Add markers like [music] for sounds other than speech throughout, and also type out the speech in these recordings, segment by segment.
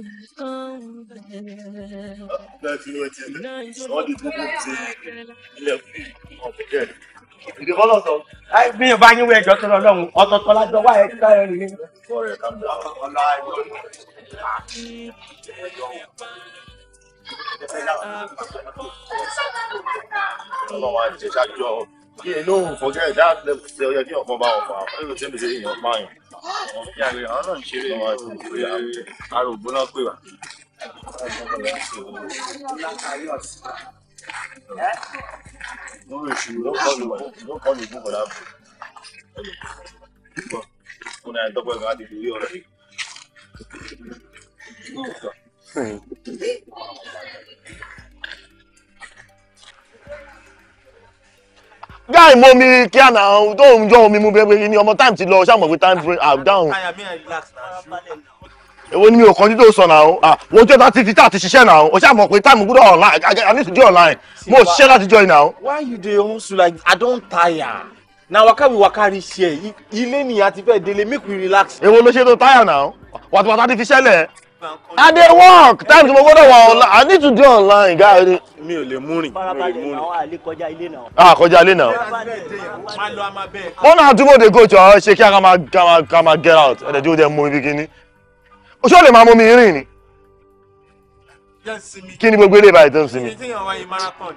náà fi wọ́n ti ẹ̀ sọ́ọ́ di tó kó ti ilẹ̀ ọ̀fẹ́kẹ́ ìdí kọ́ lọ́sọ̀ bí o bá yín wọ ẹjọ́ tó lọ lọ́hùn ọ̀tọ̀ọ̀tọ̀ lájọ wá ẹ̀ kíkà ẹ̀ rèé. ọlọ́run á jẹ́ ṣáájú ọ yìí ló ń fọjá ẹ̀dá ọ̀yọ́ kí ọ̀kan bá ọ̀pá ẹ̀rọ tí ó ń bèèrè èèyàn máa àwọn bí àgbẹ̀ àwọn náà ń ṣeré ìwà tó ń pè á arò gbóná pè wá. No issue, no call you, no call you, go for that. Una ẹ̀ dọ́gbọ̀n ìgbà ti fi rí ọ̀rẹ́ yìí. guy mo mi kíá na tó ń jọ omi mu bẹ́ẹ̀ ni ọmọ time ti lọ ṣàmọ̀ pé time frame ah down. èwo ni mi ò kánjú tó sọ náà ah wo jẹ́ láti ti àti ṣiṣẹ́ náà o ṣàmọ̀ pé time gbúdọ̀ online i need dey online mo ṣiṣẹ́ láti join náà. why you dey hustle like i don tire na waka we waka reach here ilé nìyà ti fẹ́ délé make we relax. èwo ló ṣe tó tire náà wàtúwàtú àti fi ṣẹlẹ̀. I dey work. Time to go there online. I need to do online, guy. Mi ò lè múrin. Ah, kọjá ilé náà. Wọ́n náà dey go jọ ṣe kí a ká máa get out. Ẹ̀dẹ̀ tí ó mú ibi kíní. O ṣé o lè máa mú mi rìn ni? Kí ni gbogbo eléyìí báyìí tó ń sinmi?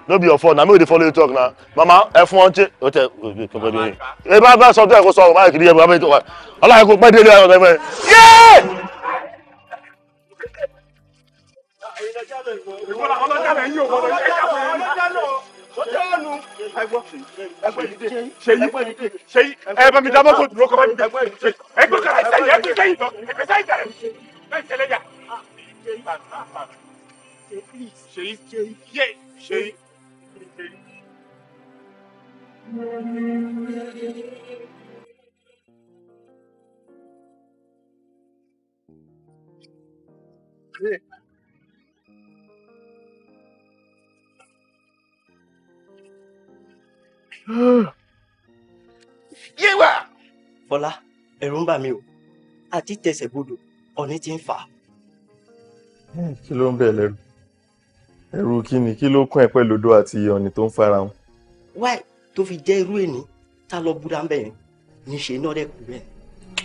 No be your fault na mi dey follow you talk na. Mama ẹ fún wọn ṣe o tẹ kò pẹ́ Ẹ bá bá sọ tó ẹ̀ kó sọ ọ̀rọ̀ báyìí kìí yẹ bàbá mi tó wà. Ọlọ́run kò pẹ́ délé ọ̀rọ̀ tẹ́fẹ́. Yéé! ìwọ làwọn ọlọ́jà rẹ̀ yín òwò lọ ẹgbẹ́ sẹ́yìn jàre [gasps] yéwà. fọlá ẹ̀rù ń bà mí o àti tẹsẹ̀ bodò ọ̀ní ti ń fà hmm, kí ló ń bẹ̀ lẹ́rù ẹ̀rù kí ni kí ló kún ẹ pẹ̀lú odò àti ọ̀ní tó ń fara wọn. wáì tó fi jẹ́ irú èní tá lọ búra ń bẹ̀ yẹn níṣẹ́ náà rẹ̀ kú bẹ́ẹ̀.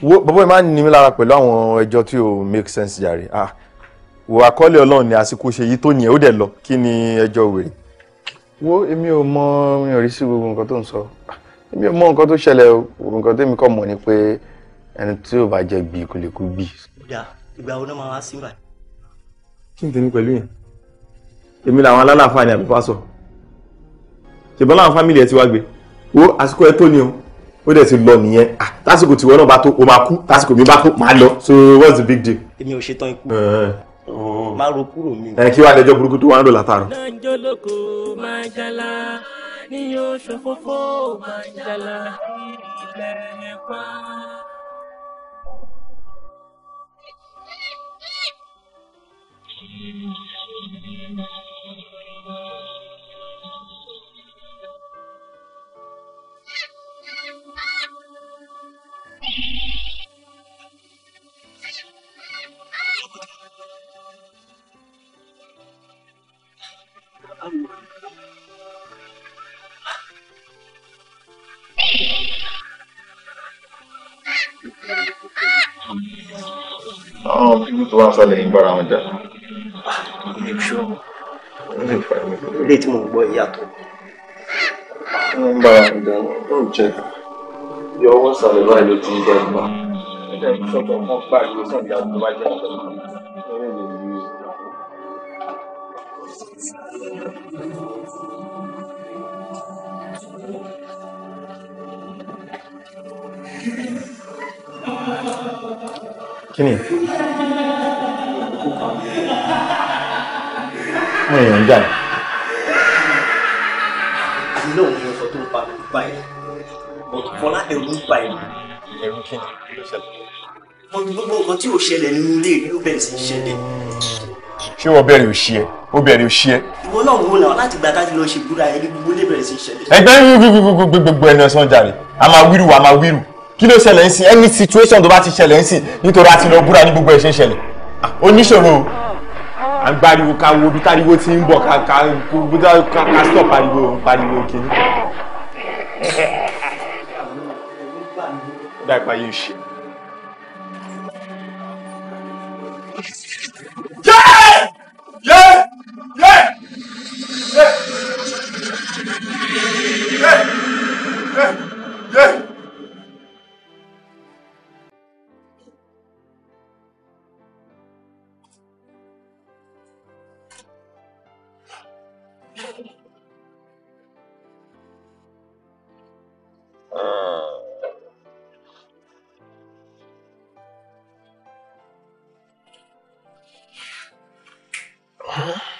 wo bàbá mi máa ń ní mi lára pẹ̀lú àwọn ẹjọ́ tí ò make sense jàre ah wò àkọọ́lẹ̀ ọlọ́run ni àsìkò ṣe yìí tó yẹn ó dẹ̀ lọ kí ni ẹjọ́ wèrè wo èmi ò mọ mi ò rí sí gbogbo nǹkan tó ń sọ èmi ò mọ nǹkan tó ṣẹlẹ̀ nǹkan tẹ́mi kọ́ mọ̀ ni pé ẹni tí ò bá jẹ bì kò lè kú bì. ìgbà ìgbà wo ni wọn máa síbà. kí n tẹ̀lé pẹ̀lú yẹn èmi làwọn alálàáfáà ni àbí pásọ ṣùgbọ́n láwọn fámìlì ẹ ti wá gbé wo àsìkò ẹ tó ni o ó dẹ̀ ti lọ nìyẹn ah, tásìkò tiwọn náà bá tó o máa kú tásìkò mi bá tó máa lọ so what's the big deal. èmi ò ṣetán ikú máa ro kúrò mi. ẹ kí wàá lẹjọ burúkú tó wà ń lò látàrọ. náà ń máa jala ní yóò ṣòfófó máa ń jala ilẹ̀ ẹ̀pá. Thank you. àwọn fíìmù tó wá ń sálẹ̀ yìí bára wọn jà. ilé tí mo ń gbọ́ ìyàtọ̀. wọ́n ń bára wọn jà wọ́n ń jẹ́ yọ ọwọ́ sàlẹ̀ báyìí ló ti ń bá ẹ̀gbọ́n. ẹ̀jẹ̀ ìṣọ̀kan wọn pariwo sọ̀dí àgbà bá jẹ́ ìṣọ̀kan. wọn èèyàn bẹ̀rẹ̀ sí wọ́n bẹ̀rẹ̀ òṣì ìwọ náà wò náà láti gbà táti lọ ṣe búra ẹ ní gbogbo ilé sí ṣẹlẹ̀. ẹgbẹ́ gbogbo ẹni ọ̀sán jàre a máa wíru a máa wíru kí ló ṣẹlẹ̀ ń sìn any situation tó bá ti ṣẹlẹ̀ ń sìn nítorí a ti lọ búra ní gbogbo ẹ̀ ṣe ń ṣẹlẹ̀ oníṣòro à ń gbariwo ká wo bí táriwo ti ń bọ̀ ká ká ká ká stop pariwo pariwo kìíní. Yeah! Yeah! Yeah! Yeah! Yeah! Yeah! Ah. Huh?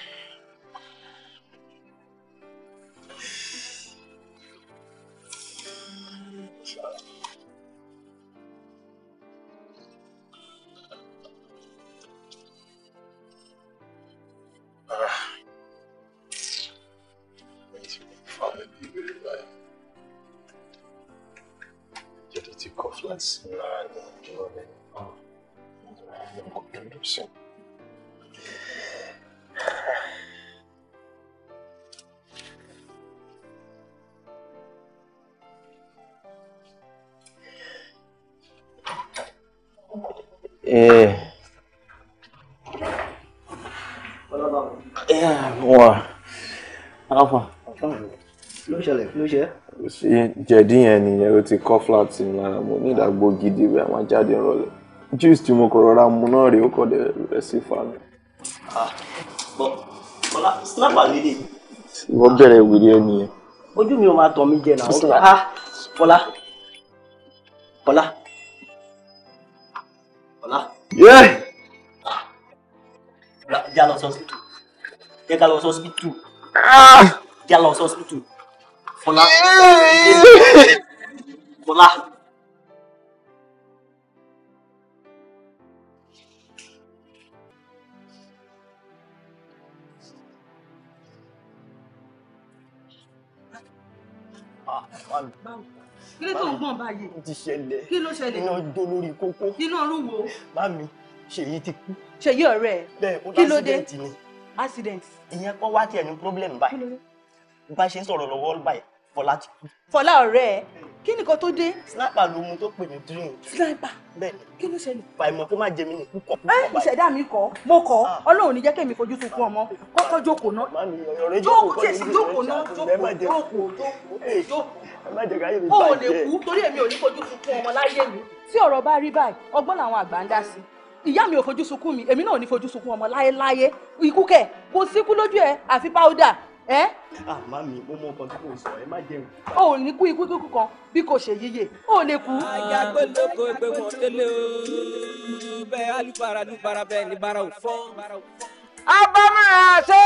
Eh. eh yẹn nìyẹn o ti kọ flat mi mo ní ìdàgbò gidi bẹ́ẹ̀ máa jáde rọlẹ̀. Juice tí mo kọ̀ rọra mu náà rèé ó kọ̀ dẹ̀ rẹ̀ sí fa mi. Ìwọ bẹ̀rẹ̀ wèrè ẹ nìyẹn. Ojú mi ò máa tàn mí jẹ náà. Fọlá. Ah, Fọlá. jẹ́ lọ sọ́sìbítù jẹ́ ká lọ sọ́sìbítù jẹ́ ah. lọ sọ́sìbítù Fọlá Fọlá. Ah, kí tó ń gbọ̀n báyìí. ti ṣẹlẹ̀ kí ló ṣẹlẹ̀ iná jó lórí kókó iná rúwo. mami ṣèyí ti kú. ṣèyí ọ̀rẹ́ ẹ̀ bẹ́ẹ̀ ó lọ accident ni. accident. ìyẹn kọ́ wá tiẹ̀ ní problem báyìí bá ṣe ń sọ̀rọ̀ lọ́wọ́ báyìí fọlá ti kú. fọlá ọ̀rẹ́ ẹ̀ kí nìkan tó dé. sniper ló mu tó pè ní dream. sniper bẹ́ẹ̀ni kí ló ṣẹlẹ̀. fàìmọ̀ tó máa jẹ mí ní púpọ̀. ẹ ìṣẹ̀dá mi kọ mo kọ ah. ọlọ́run ní jẹ́ kí èmi fojú sunkún ọmọ kọ́kọ́ jókòó náà. màmí ọ̀rẹ́ jókòó kọ́ ní jókòó náà jókòó jókòó jókòó. o ò lè kú torí èmi ò ní fojú sunkún ọmọ láyé mi. tí ọ̀rọ̀ bá rí báyìí ọgbọ́n làwọn àgbà ń dá sí ìyá mi ò fojú sunkún mi èmi náà ò ní fojú sunkún ọmọ láyéláyé ikú kẹ kò síkú lójú ẹ àfi powder ẹ. àmọ́ mi mo mọ ọkàn tí kò sọ ẹ má jẹun. o ò ní kú ikú kíkú kan bí kò ṣe yíyẹ o ò lè kú. àyà gbólógbó gbé wọn délé o bẹ́ẹ̀ alùpàrà alùpàrà bẹ́ẹ̀ ni bara ò fọ́. abamara ṣe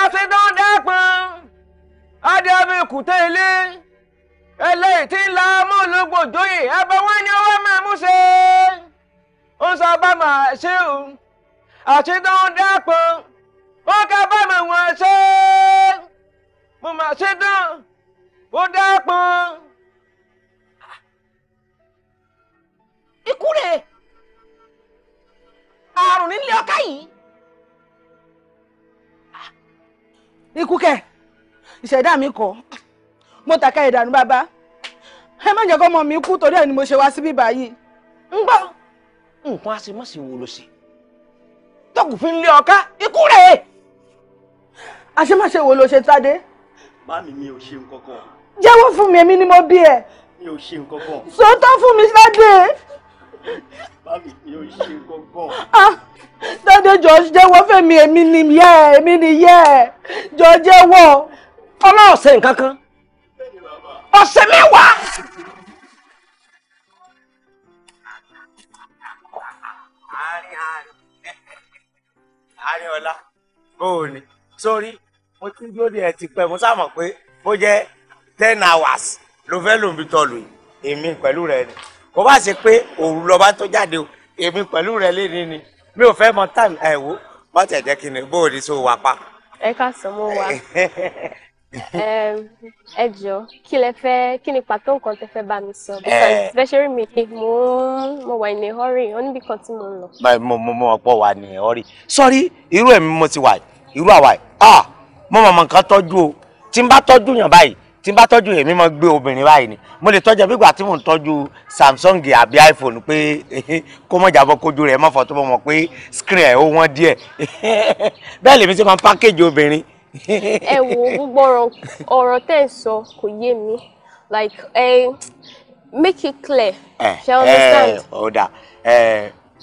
àfidọ́dẹ́pọ̀n adébíkùtẹ́ ilé eléyìí tí ń la mọ́ọ̀lùgbòjòyè ẹbọ wọn ni ọwọ́ máa mú ṣe ń sọ abamara ṣe o àti dọ́dẹ́pọ̀n ó ká bá mọ̀ wọ́n ṣe mo mà ṣe dán ó dápọn. ikú rèé àrùn nílé ọkà yìí. ikú kẹ ìṣẹ̀dá mi kọ́ mo tàka ìdànù bàbá ẹ má jẹ́ ọmọ mi kú torí ẹ̀ ni mo ṣe wá síbí báyìí ń gbọ́ nǹkan àṣemọ́sí wo ló ṣe tọ́kù lé ọká ikú rèé àṣemáṣe wo ló ṣe tádé. báàmì mi ò ṣe nǹkan kan. jẹ́wọ́ fún mi èmi ni mo bí ẹ. mi ò ṣe nǹkan kan. sòótọ́ fún mi tádé. báàmì mi ò ṣe nǹkan kan. Ah, tádé jọ jẹ́wọ́ fẹ́mi èmi ni yẹ́ ẹ̀ èmi ni yẹ́ ẹ̀ jọ jẹ́wọ́. ọlọ́ọ̀sẹ̀ nǹkan kan ọ̀sẹ̀ mẹ́wàá. àárín àárín àárín ọlá sórí mo ti dúró de ẹ ti pẹ́ mo sábà pé ó jẹ́ ten hours ló fẹ́ lòun fi tọ̀lù yìí èmi pẹ̀lú rẹ ni kò bá ṣe pé òru lọ́ba tó jáde o èmi pẹ̀lú rẹ lẹ́ni ni mi ò fẹ́ mọ time ẹ̀ wò má tẹ̀ jẹ́ kí ni bó o ní so wà pa. ẹ ká sọ mọ wa ẹ jọ kí lẹ fẹ́ kí ni pàtó nǹkan tẹ fẹ́ bá mi sọ because especially mi mo mo wà ní hurry ó níbi kan tí mo ń lọ. mo mo mo ọ̀pọ̀ wà ní hurry sọrí irú ẹ̀mí mo ti wà irú àwa yìí. Ah! mo mọ̀mọ́ nǹkan tọ́jú o tí n bá tọ́jú yàn báyìí tí n bá tọ́jú èmi máa gbé obìnrin báyìí ni mo lè tọ́jú bígbà tí mò ń tọ́jú Samsung àbí iPhone pé [laughs] kó mọ̀ jábọ́ kojú rẹ̀ mọ̀fọ́ tó mọ̀ pé screen ẹ̀ ó wọ́n díẹ̀ [laughs] bẹ́ẹ̀ lèmi ti máa ń pákéjì obìnrin. ẹ wo gbogbo ọ̀rọ̀ tẹ́ ẹ sọ kò yé mi like eh, make it clear. ẹ eh, understand. ọ̀dà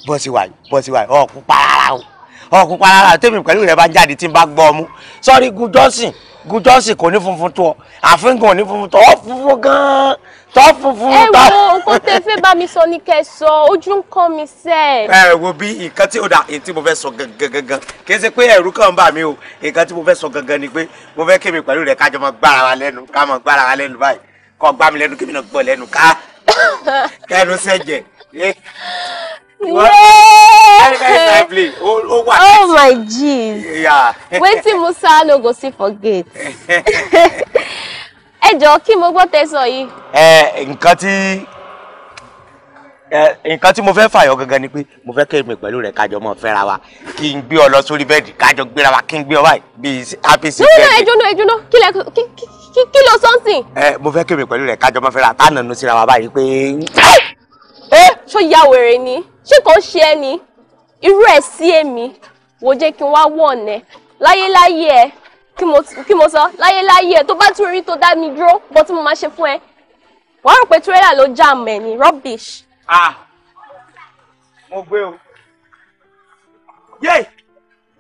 bọ́sí wáyé bọ́sí wáyé ọ̀ kú pa rárá o ọkùn palára tèmi pẹ̀lú rẹ̀ bá ń jáde tí n bá gbọ́ ọmú sọ́rí gun johnson gun johnson kò ní funfun tó ọ àfihàn ní funfun tó ọ funfun gan-an tó funfun tó. ẹ wo nǹkan tẹ fẹ́ bá mi sọ ni kẹ́ ojú ń kàn mí sẹ́. ẹ wo bí nǹkan tí ó dà èyí tí mo fẹ́ sọ gangan kì í ṣe pé ẹ̀rù kàn ń bà o nǹkan tí mo fẹ́ sọ gangan ni pé mo fẹ́ kémi pẹ̀lú rẹ̀ kájọ mọ gbára wa lẹ́nu ká mọ gbára wa lẹ́nu báyìí kọ́ gbá mi lẹ́nu kémi náà gbọ́ lẹ́nu ká [coughs] kẹ́nu sẹ́jẹ̀ eh very Oh, oh, oh my jeez. Yeah. Wetin Musa no go see for gate. Ẹ jọ̀ọ́ kí mo gbọ́ tẹ́ sọ yìí. Ẹ nǹkan tí nǹkan tí mo fẹ́ fàyọ gangan ni pé mo fẹ́ kẹ́ mi pẹ̀lú rẹ̀ kájọ mọ̀ fẹ́ra wa kí n gbé ọ lọ sórí bẹ́ẹ̀dì kájọ gbéra wa kí n gbé ọ báyìí bíi happy No, no, nínú ẹjọ́ náà ẹjọ́ náà kí lẹ kí kí lọ sọ́ọ̀sì. ẹ mo fẹ́ kẹ́ mi pẹ̀lú rẹ̀ kájọ mọ̀ fẹ́ra tá nànú síra wa báyìí pé ṣó ya wèrè ni ṣé kò ṣe ẹ ni irú ẹ sí èmi wò jẹ́ kí n wá wọ̀ ọ̀nẹ́ láyéláyé ẹ kí mo sọ láyéláyé ẹ tó bá tún rí tó dá mi dúró bọ́ tí mo máa ṣe fún ẹ wàá rò pé tírélà ló jam ẹ ní rubbish. ah mo gbé o yéè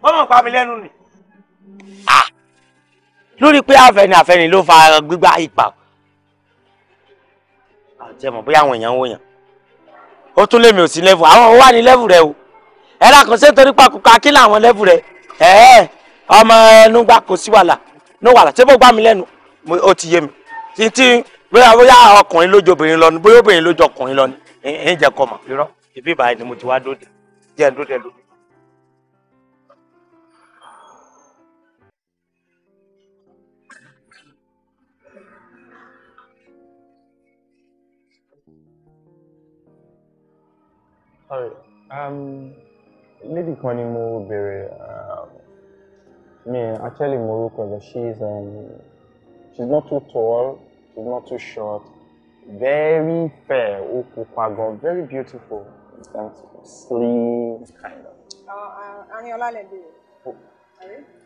mọ́mọ́ pa mi lẹ́nu nì. ah lórí pé àfẹ́ni àfẹ́ni ló fa gbígbá ipa àti ẹ̀mọ̀ bóyá àwọn èèyàn ń wòyàn ó tún lèmi ò sí level àwọn wà ní level rẹ o ẹ lákàn ṣé torí pàkúkà kí làwọn level rẹ ẹ ẹ ọmọ ẹnu gbà kò sí wàhálà ní wàhálà ṣé bó gbà mí lẹ́nu ó ti yé mi títí bóyá bóyá ọkùnrin lójú obìnrin lọ ni bóyá obìnrin lójú ọkùnrin lọ ni ẹ ń jẹ kọ mọ irọ́ ìbí ìbáyìí ni mo ti wá dóde díẹ̀ dóde lóde. lady um, kan ni mo bèrè um, mi actually mo rúkọ but she's um, she's not too tall she's not too short very fair ó pupa gan very beautiful and slim kind of. Uh, uh, Aniola lè bèrè. Oh,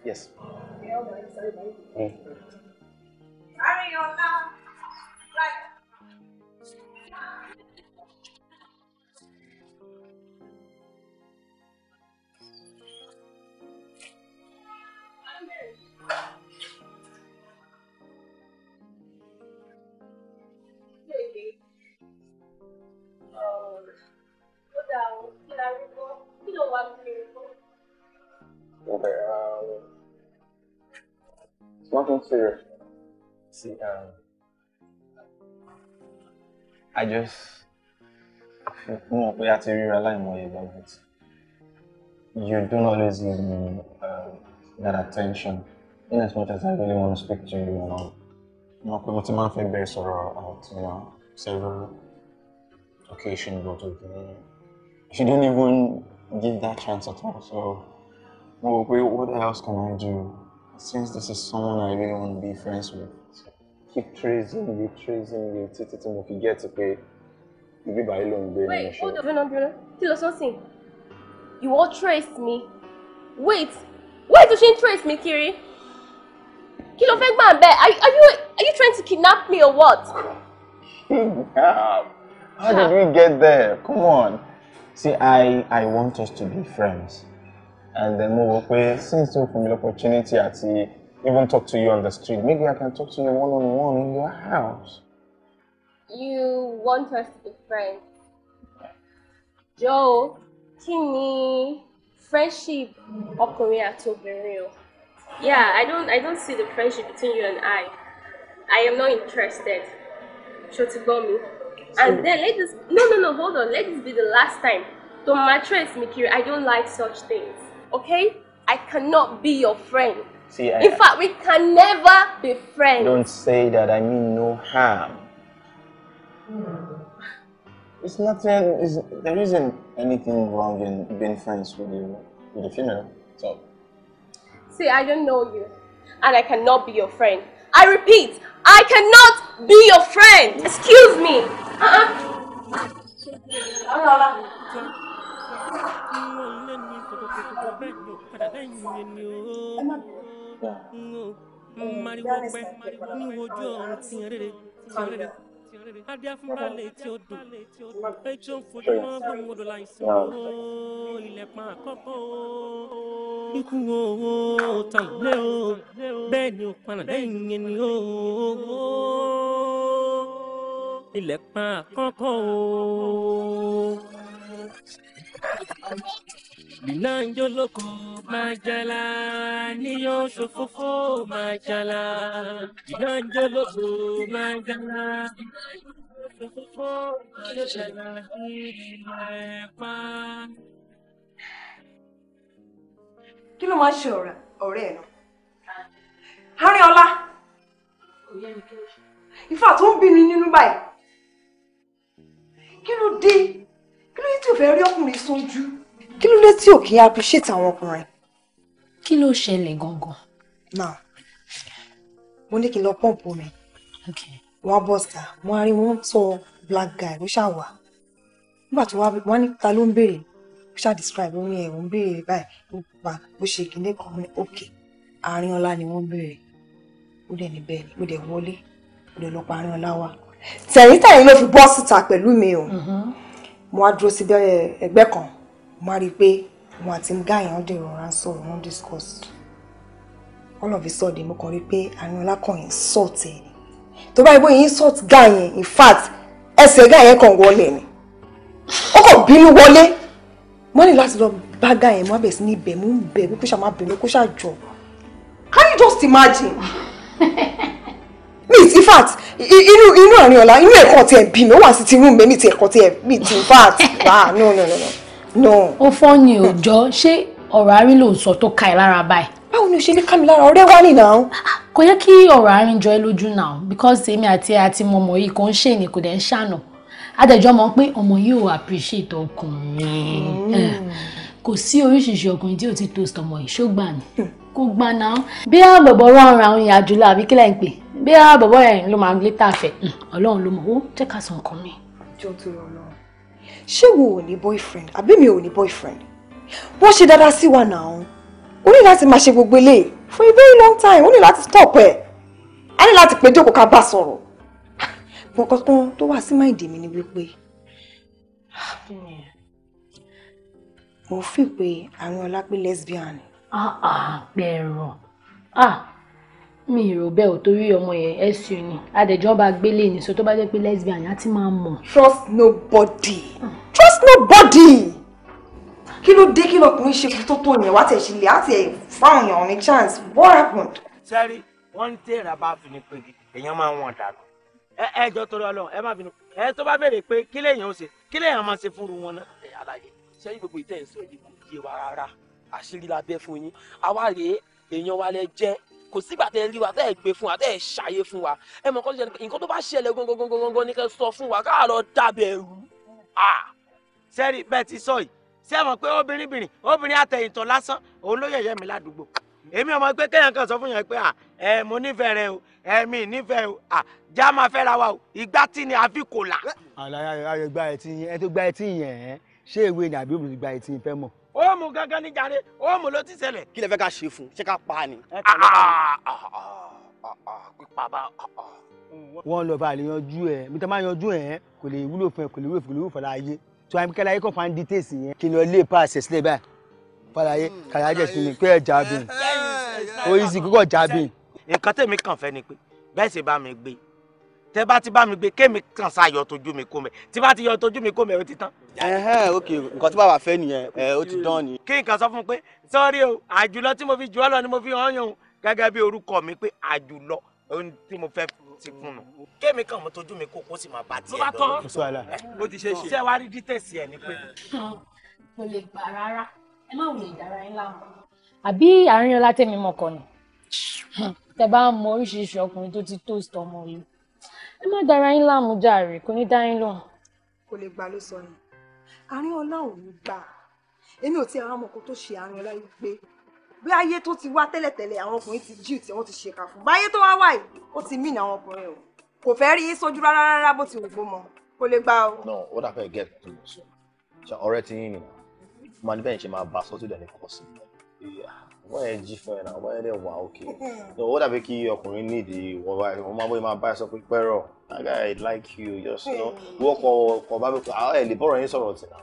yes. Mm. Ariola, like. consider. See, um, I just mọ̀ we have to rely láìmọye ìgbà but you don't always give me um, that attention in as much as I really want to speak to you you know, Mo pe mo ti or ń fẹ́ out you know, several occasions but okay, she didn't even give that chance at all so what else can I do? since this is someone I really want to be friends with. Keep tracing you, tracing you, títí tí mo fi get pé ibi báyìí ló ń gbé ní Wait, hold on, hold on, hold on. Kí You all trace me. Wait, why does she trace me, kiri? Kí ló fẹ́ gbà Are you are you trying to kidnap me or what? Kidnap? How did we get there? Come on. See, I I want us to be friends and then mo wò pé since o fún mi opportunity àti even talk to you on the street maybe I can talk to you one on one in your house. You want us to be friends. Joe, kí ni friendship ọkùnrin àti obìnrin o? Yeah, I don't I don't see the friendship between you and I. I am not interested. Shotigomi. And then let this no no no hold on, let this be the last time. Don't matress me kiri, I don't like such things. okay? I cannot be your friend. See, I, in fact, we can never be friends. Don't say that. I mean no harm. It's nothing. It's, there isn't anything wrong in being friends with you with a female. So. See, I don't know you, and I cannot be your friend. I repeat, I cannot be your friend. Excuse me. Uh -uh. Mariwo pẹ́ ní ojú ọ̀run ti rere ti rere. Adé afúnbalẹ̀ tí ó dùn. Ètò ìfojúmọ́ gbóhùn odò láìsí owó ilẹ̀kùn àkọ́kọ́ ikú owó tán lé o bẹ́ẹ̀ ni ó padà lẹ́yìn ẹni owó ilẹ̀kùn àkọ́kọ́ o. Binanjoloko majala niyo ṣòfófó majala Binanjoloko majala ṣòfófó majala ìlà ẹ̀pá. Kí ló máa ń ṣe ọ̀rẹ́ ẹ̀ náà? Arínọlá. Ìfà tó ń bí nínú báyìí. Kí ló dé? kí ló dé tí o fẹ́ rí ọkùnrin sójú kí ló dé tí o kì í appreciate àwọn ọkùnrin. kí ló ṣẹlẹ̀ gangan. náà mo ní kí n lọ pọ́ǹpù mi wọ́n bọ́ síta mo rí wọ́n sọ black guy ló ṣàwà nígbà tó wọ́n ní ta ló ń béèrè ó ṣáà describe ó ní ẹ̀ ń béèrè báyìí ó pa bó ṣe kíní kan ní òkè àárín ọlá ni wọ́n béèrè ó dẹ̀ níbẹ̀ ni ó dẹ̀ wọlé ó dẹ̀ lọ pa àárín ọlá wa tẹ̀yìntẹ̀yìn ló fi bọ́ síta pẹ̀lú mi o. Mhm mo wá dúró sí ẹgbẹ́ kan mo rí i pé mo àti guy yẹn dè rọra ń sọ̀rọ̀ wọ́n discuss all of a sudden mo kàn rí i pé Arinola kàn yín ẹ̀ ni tó bá yẹ bóyá yín salt guy in fact ẹsẹ̀ guy yẹn kàn wọlé ni ó kàn bínú wọlé mo ní láti lọ bá guy mo á bẹ̀ sí ní ibẹ̀ mo ń bẹ̀ pé kó ṣàmà bẹ̀ mi kó ṣàjọ can you just imagine. [laughs] mi ti fat inú inú àárín ọ̀la inú ẹ̀kọ́ tiẹ̀ bí mi ó wà sí ti inú mi mi ti ẹ̀kọ́ tiẹ̀ bí ti fat [laughs] ah no no no no no. ó fọ́ ni òòjọ́ ṣé ọ̀rọ̀ àárín ló ń sọ tó ka ẹ̀ lára báyìí. báwo ni o ṣe ní ká mi lára ọ̀rẹ́ wá nìyà o. kò yẹ kí ọ̀rọ̀ àárín jọ ẹ́ lójú náà because èmi àti àti mọ̀mọ́ yìí kò ń ṣe ni kò dẹ̀ ń ṣànà adẹ̀jọ́ mọ̀ pé ọmọ yìí ò appreciate ọkùnrin mm. eh, kò sí oríṣiríṣi ọkùnrin tí ò ti toast ọmọ yìí ṣó gbà ní hmm. kó gbà náà bí àwọn bọ̀bọ̀ rán ara òun yàjú lọ àbí kílẹ̀ ń pè é bí a bọ̀bọ̀ yẹn ló máa lé tàfẹ́ hmm, ọlọ́run ló mọ̀ ó jẹ́ ká sọ nǹkan mi. ìjọ tó rọ lọ ṣé wo ò ní boyfriend àbí mi ò ní boyfriend wọ́n ṣe dáadáa sí wa náà ó ní láti máa ṣe gbogbo eléyìí for a very long time ó ní láti stop ẹ̀ á ní láti pé jókòó ká bá sọ̀rọ̀ pọ̀kọ̀tàn tó wà sí máìdì mi ni wípé mo fi pé àwọn ọlápẹ́ lesbian. ah ah bẹ̀rù ah mi ì rò bẹ́ẹ̀ ò torí ọmọ yẹn su ni adẹ̀jọba gbélé ni so tó bá jẹ́ pé lesbian yẹn á ti máa mọ̀. trust nobody ah. trust nobody kí ló dé kí lọkùnrin ṣe tó tó yẹn wá tẹ̀ ṣe lè á tẹ̀ fáwọn èèyàn ní chance what happened. sẹ́rí wọ́n ń tèrà bá fi ni pegi èèyàn máa wọ̀n dànù ẹ ẹ jọ torí Ọlọ́run ẹ má bínú ẹ tó bá béèrè pé kí lèèyàn ó ṣe kí lèèyàn máa ṣe fúnru wọn náà ẹ àlàyé sẹ́yìn gbogbo ìtẹ̀ ń sọ yìí kò yé wa rárá àṣírí la bẹ́ fún yín àwa rèé èèyàn wa lẹ jẹ́ kò sígbà tẹ rí wa tẹ ẹ gbé fún wa tẹ ẹ ṣàyè fún wa ẹ mọ kọ́ńtà nǹkan tó bá ṣẹlẹ̀ gbọ̀ngbọ̀ngbọ̀ngbọ̀ngbọ̀n ní kẹ́ sọ fún wa káàárọ̀ dàbẹ̀ rú. sẹ́ẹ̀rì bẹ́ẹ̀ ti sọ yìí ṣé ẹ mọ̀ pé obìnrin bìnrin obìnrin àtẹ̀yìntàn lásán òun ló yẹ̀yẹ́ mi ládùúgbò èmi ọmọ pé kéèyàn kan sọ fún yẹn pé ẹ mo nífẹ̀ẹ́ rẹ o ẹ mi nífẹ̀ẹ́ o já máa fẹ́ ra wa o ìgbà tí ni àfi kò là. àlàyé ayọ̀ gba ẹtí yẹn ẹ tó gba ẹtí yẹn ṣé ìwé ni àbí òbí gba ẹtí yẹn fẹ́ mọ̀ ó mú gangan ní jàre ó mú ló ti ṣẹlẹ̀. kí lẹ fẹ́ ká ṣe fún ṣé ká pa ni. pípa bá. Ah, ah. wọ́n lọ bá lè yanjú ẹ̀ mi tẹ́ máa yanjú ẹ̀ kò lè wúlò fún ẹ kò lè wúlò fún ẹ kò lè wúlò fún ẹ láyé tí wọ́n á kẹ́lá yé kàn fà ń di tèsì yẹn kí ni ọ lè pa àṣẹ sílẹ̀ báyìí fàlàyé kàlájẹ̀ sí ni pé ẹ̀ jábìn oyisi kúkọ̀ jábìn. nǹkan tèmi kàn fẹ́ ni pé bẹ́ẹ̀ sì bá mi gbé tẹ bá ti bá mi gbé kémi kàn sá yọ tójú mi kó mẹ tí bá ti yọ tójú mi kó mẹ o ti tán. ẹhẹn ok nǹkan tí bàbá fẹ́ nìyẹn ẹ ó ti dán ni. kí nǹkan sọ fún un pé sọ́ọ́rí o àjùlọ tí mo fi jù ọ́ lọ ni mo fi hàn yàn o gẹ́gẹ́ bí orúkọ mi pé àjùlọ ohun tí mo fẹ́ ti fún un. kémi kàn mo tójú mi kó kó sì máa bá tiẹ̀ lọ. ló bá tán bó ti ṣe ṣe. ṣé wàá rí dítẹ̀sì ẹ̀ ni pé. kò lè gbà rárá ẹ má wulẹ̀ ìdára ńlá mọ́. àbí àárín ọlá tẹ̀mí mọ̀kànnì tẹ bá ń mọ oríṣiríṣi ọkùnrin tó ti tó ìtọ́mọ yìí ẹ má dára yín láàmú jàre kò ní dá yín kò lè gbà ló sọ ni àárín ọlá ò ní gbà èmi ò ti àwọn ọmọkùnrin tó ṣe àárín ọlá yìí pé bí ayé tó ti wá tẹ́lẹ̀tẹ́lẹ̀ àwọn ọkùnrin ti jíù tí wọ́n ti ṣe kà fún báyé tó wá wáyé ó ti mí àwọn ọkùnrin o kò fẹ́ rí sójú rárá rárá bó ti wù kó mọ kó lè gbà o. no ó dàbẹ̀ get to me so ọ̀rẹ́ ti yín ni mo máa ní bẹ́ẹ̀ ṣe máa bá a sọ́tún dẹ̀ ní kọ́sì wọ́n yẹn jí fún ẹ náà wọ́n yẹn dẹ̀ wà òkè [laughs] ó dàbí kí ọkùnrin nídìí wọ́n bá wọ́n máa bóyá máa bá ẹ sọ pé pẹ́rọ that like you just you know hmm. wọ́n kọ ọkọ̀ bá mi kọ àwọn ẹ̀ lè bọ́rọ̀ yín sọ̀rọ̀ tì náà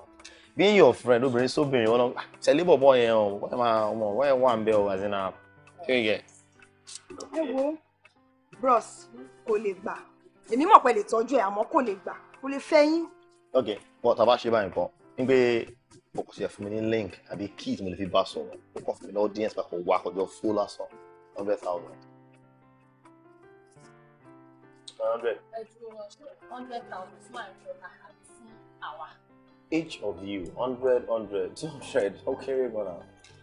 being your friend obìnrin sóbìnrin wọn náà ah, tẹ̀lé bọ̀bọ̀ yẹn o wọ́n yẹn máa wọ́n yẹn wà ń bẹ ọ àti náà kí ẹ wo bros kò lè gbà èmi mọ̀ pé lè tọ́jú ẹ̀ àmọ́ kò lè gbà kò lè fẹ́ yín. ok bọ́ tá a bá ṣe báyìí kọ́ ń pé o kò sì yẹ fún mi ní link àbí key tí mo lè fi bá sọ̀rọ̀ o kàn fún mi ní audience papọ̀ wá àkọjọ fó lásán hundred thousand. Each of you hundred hundred two hundred ó kéré gan na.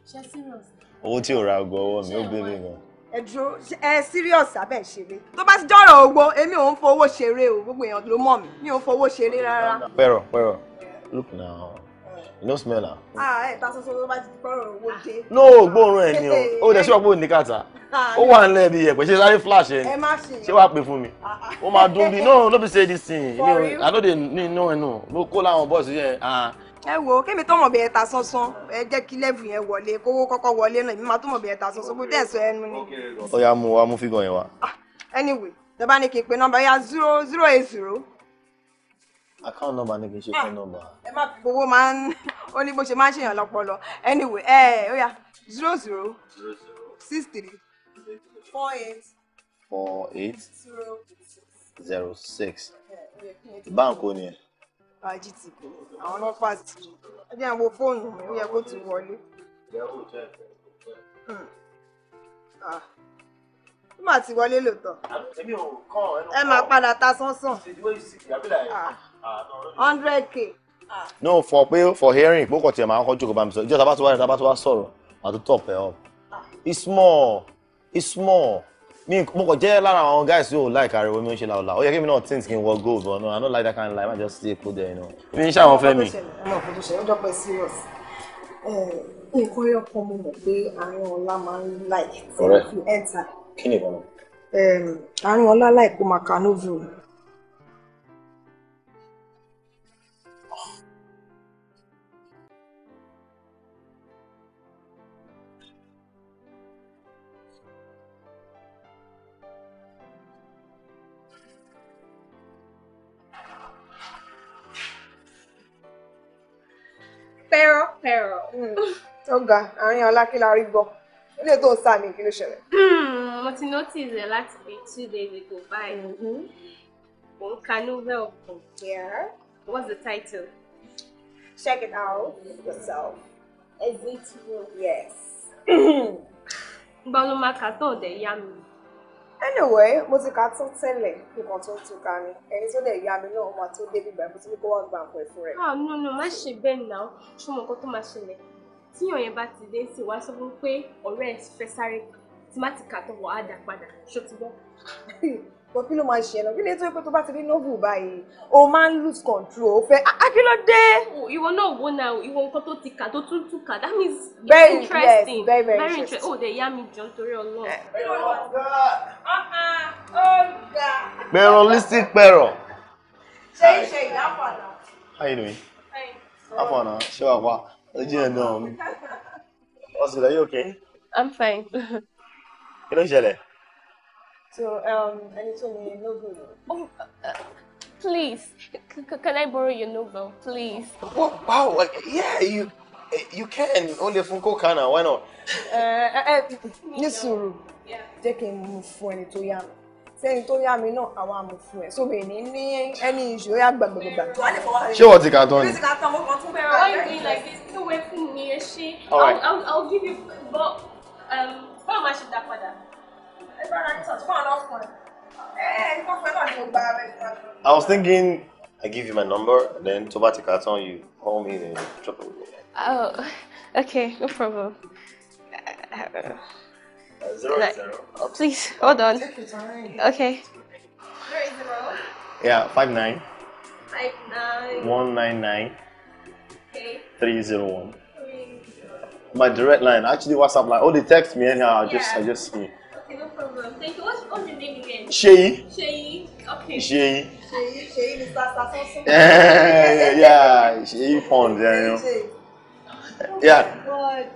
serious? Owó tí o ra ọgbọ ọwọ́ mi ó bèrè gan ẹ dúró ẹ serious abẹ́ ṣeré tó bá ti dọ́rọ̀ owó èmi ò ń fowó ṣeré o gbogbo èèyàn ló mọ̀ mí mi ò ń fowó ṣeré rárá. pẹ̀rọ̀ pẹ̀rọ̀ look now no smell am. ah ẹ ta soso ló bá ti kọrọ owó dé. Ah. no gbóòórùn ẹ ni o [laughs] ó dẹ sí ọpọ òní kàtà ah, ó wà nílẹ̀ bí yẹpẹ ṣe sáré flash ẹ ni ṣé wàá pè fún mi ah, ó máa dún bí no no be say this thing i no dey know ẹnu mo kó láwọn bọ́ọ̀sì yẹn ẹ wo kémi tó mọ̀ bí ẹ̀ta sánsan ẹ jẹ́ kí lẹ́bù yẹn wọlé kówó kọ́kọ́ wọlé náà èmi máa tó mọ̀ bí ẹ̀ta sánsan bó dẹ̀ sọ ẹnu ni. ó yá mú wa mú fígàn yẹn wá. anyway tẹ bá ní kí n pe nọ́mbà yá zero zero eight zero account number ni kì í ṣe phone number. Ah, ẹ má gbowó máa ń ó ní bó ṣe máa ń ṣèyàn lọ́pọlọ anyway ẹ eh, ó yá zero zero six three four eight four eight zero six Bank báńkò ni ẹ. bàjí ti kò àwọn ọlọ́pàá ti ẹ jẹ́ àwọn fóònù mi ó yẹ kó ti wọlé. Hmm. ah má ti wọlé lóòótọ́ ẹ máa padà ta sánsán hundred k. no for pé for hearing pé kò tiẹ̀ máa ń kọ́ jókòó bá mi sọ ìjọ tabá tó wá rẹ̀ tabá tó wá sọ̀rọ̀ wà top ẹ̀ it's small it's small mi mo kàn jẹ́ lára àwọn guys yóò like ariwo mi ó ṣe làwọ̀là ó yẹ kí mi náà think kí n wọ gold but no i no like that kind of life i just stay put there you know. mi n ṣe àwọn fẹ́ mi. ọmọ òkú tó ṣe ọjọ́ pẹ́ serious nǹkan yẹn kọ́ mo mọ̀ pé àárín ọlá máa ń like if you enter. kí ni ìbọn. àárín ọlá like kó novel ọ̀gá hmm. àárín ọlákí la rí gbọ́ ilé tó ń sá ni kí ló ṣẹlẹ̀. Hmm, mo ti notice ẹ láti bíi two days ago báyìí mm-hmm. mo ń ka novel kan. What's the title? Check it out yourself. Is it Yes. gbọ́n ló máa kà tán ọ̀dẹ̀ yá mi anyway mo ti kà tán tẹ́lẹ̀ nǹkan tó tún ká ni ẹni tó dẹ̀ yá mi náà wọn tó débi ìgbà ìbùsùn ní kó wọ́n gba àpò ẹ̀fún rẹ̀. ah no no má ṣe bẹ́ẹ̀ náà ṣùgbọ́n nǹkan tó máa ṣẹlẹ̀ tíyàn yẹn bá ti dé sí wàá sọ fún pé ọ̀rẹ́ ẹ̀ fẹ́ sáré tí má ti kà tó wọ̀ á dà padà ṣó ti bọ́ but kí ló máa ṣe ẹ̀nà kí lè tó pé tó bá ti rí novel báyìí o máa ń lose control o fẹ́ akílódé. Ah, ah, ìwọ náà wo na ìwọ nǹkan tó ti kà tó tún tún kà that means it's very, interesting yes, very very interesting oh dey yá mi jọ nítorí ọlọ́run. pẹ̀rọ lísì pẹ̀rọ. ṣé iṣẹ́ ìdáfà náà. how you doing? fine. afa na ṣé wàá wá ojú ẹ̀ náà. [laughs] hospital are you okay? i'm fine. [laughs] kí ló ń ṣẹlẹ̀? So, um, ẹni tó ní novel. Oh, uh, please, c can I borrow your novel, please? Well, wow, like, yeah, you you can. only lè fún kókà why not? Uh, uh, uh sùúrù, jẹ́ kí n mú fún ẹni tó yá mi. Sẹ́yìn tó yá mi náà, àwọn àmú fún ẹ̀. So, mi ní ní ẹni ìṣó yá gbàgbàgbà. Ṣé wọ́n ti kà tán ni? Ṣé wọ́n ti you doing like this? Kí wẹ́ẹ́ fún mi ẹ All right. I'll, I'll, give you, but um, how much is that for that? I was thinking I give you my number and then tó bá ti you call me and drop it. Oh, okay, no problem. Uh, zero like, zero. Oh, please, hold on. Okay. Zero zero. Yeah, five nine. Five nine. One nine nine. Okay. Three zero one. My direct line, actually WhatsApp line. Oh, they text me anyhow. I yeah. just, I just see. Okay, no problem. Thank you. What's, what's your name again? Sheyi. Sheyi. Okay. Sheyi. Sheyi. Sheyi. Mr. Sassonson. yeah, yeah. Sheyi Fund. Yeah, you know. yeah.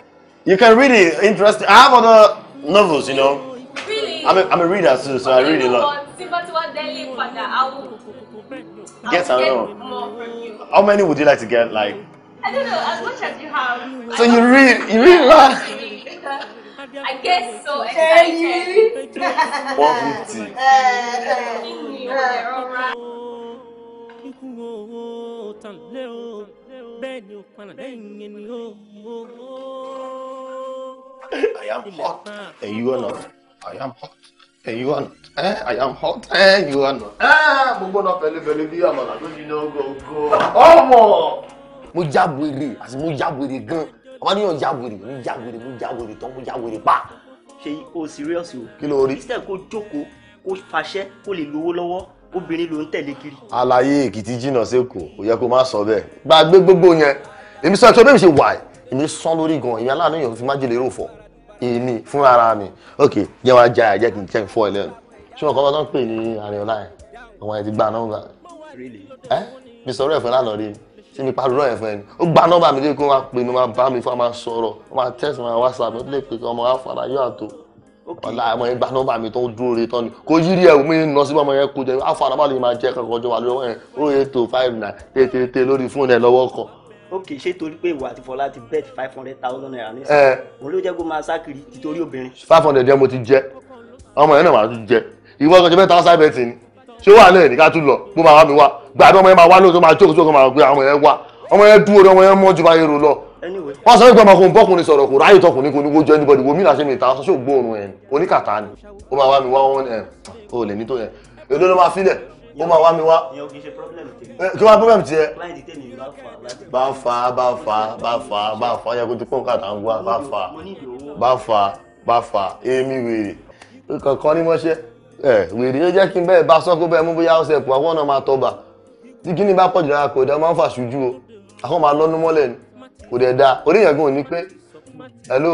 You can really interest. I have other novels, you know. Really? I'm a, I'm a reader too, so okay, I read a lot. Yes, I know. How many would you like to get? Like. I don't know. As much as you have. So I you read. You read a lot. [laughs] I guess so excited. you? fifty. Eh, eh, eh, I am hot, and you are not. I am hot, and you are not. Eh, I am hot, and you are not. Eh, mo gbọ́dọ̀ pẹ̀lẹ́pẹ̀lẹ́ bí àmàlà tó jiná gógó. Ọmọ! Mo jáwèrè àti mo jáwèrè gan-an wọ́n níyàn jáwèrè mo jáwèrè mo jáwèrè tán mo jáwèrè pa. ṣe o serious o. kí ló rí. instead kó jókòó kó faṣẹ́ kó lè lówó lọ́wọ́ obìnrin ló ń tẹ̀lé kiri. àlàyé èkìtì jìnnà sékòó kò yẹ kó má sọ bẹ́ẹ̀ gbàgbé gbogbo yẹn èmi sọ pé bẹ́ẹ̀ ṣe wà ẹ̀ èmi sán lórí gan èmi aláàánú yẹn fi májèlé rò fọ èmi fúnra ara mi ok jẹ́ wàá jẹ́ àjẹ́ kì í jẹ́ fọ́ ẹ lẹ́nu ṣé wọn kọ́ bá tán pè ní àríọ̀lá yẹn àwọn ẹ̀ ti gbà náà gbà. ẹ mi sọ ọ̀rọ̀ ẹ̀fọ́ lánàá rí mi ṣé mi parọ́ ẹ̀ fún ẹ ni ó gba nọ́mbà mi lẹ́kọ̀ọ́ máa pè mí máa bá mi fún máa sọ̀rọ̀ máa tẹ́sí máa whatsapp mi ó lè pè kí ọmọ afárá yóò àtò ọ̀la ọmọ yẹn gba nọ́mbà mi tó ń dúró re tán ni kò yí rí ẹ̀ mi nọ sí ọmọ yẹn kó jẹ afárá bá lè máa jẹ́ kankan jọ wà lọ́wọ́ yẹn ó yẹ tó five nine tètè lórí fóònù ẹ̀ lọ́wọ́ kan ok ṣé torí pé ìwà àti Fọlá ti bet five hundred thousand naira ní sọ òun ló jẹ́ kó máa sákiri five hundred ṣé wà náà nìkan tún lọ bó máa wá mi wá gbàdán ọmọ yẹn máa wá lóòótọ́ máa jókòó sókè máa gbé àwọn yẹn wá ọmọ yẹn dúró ọmọ yẹn mọ́ ju báyé ro lọ. wọ́n sọ pé ọmọ kò ń bọ́kùnrin sọ̀rọ̀ kò ráyè tọkùnrin kò ní kó jọ anybody wo mí làṣẹ mi ta ṣó gbóòórùn ẹ̀ oníkàtà ni ó máa wá mi wá wọn ẹ̀ eh, o lè ní tó yẹn èló ló máa fílẹ̀ ó máa wá mi wá. Eh, kí wọ́n á problem tiẹ̀. bá ń fa bá ń fa bá ń fa bá ń fa yẹ kó tó pọ̀ káàtà ń wá bá fa bá fa bá fa èmi wèrè kankan ní mọ́ṣẹ́ ẹ wèrè ó jẹ́ kí n bẹ́ẹ̀ bá sọ pé bẹ́ẹ̀ mú bóyá ọ̀sẹ̀ pọ̀ àwọn ọ̀nà máa tọba tí kíní bá pọ̀ jù lára kò dá máa ń fà ṣojú o àwọn máa lọ́nu mọ́lẹ̀ ni kò dẹ̀ da orí ìyàgbọ́n ò pé hello.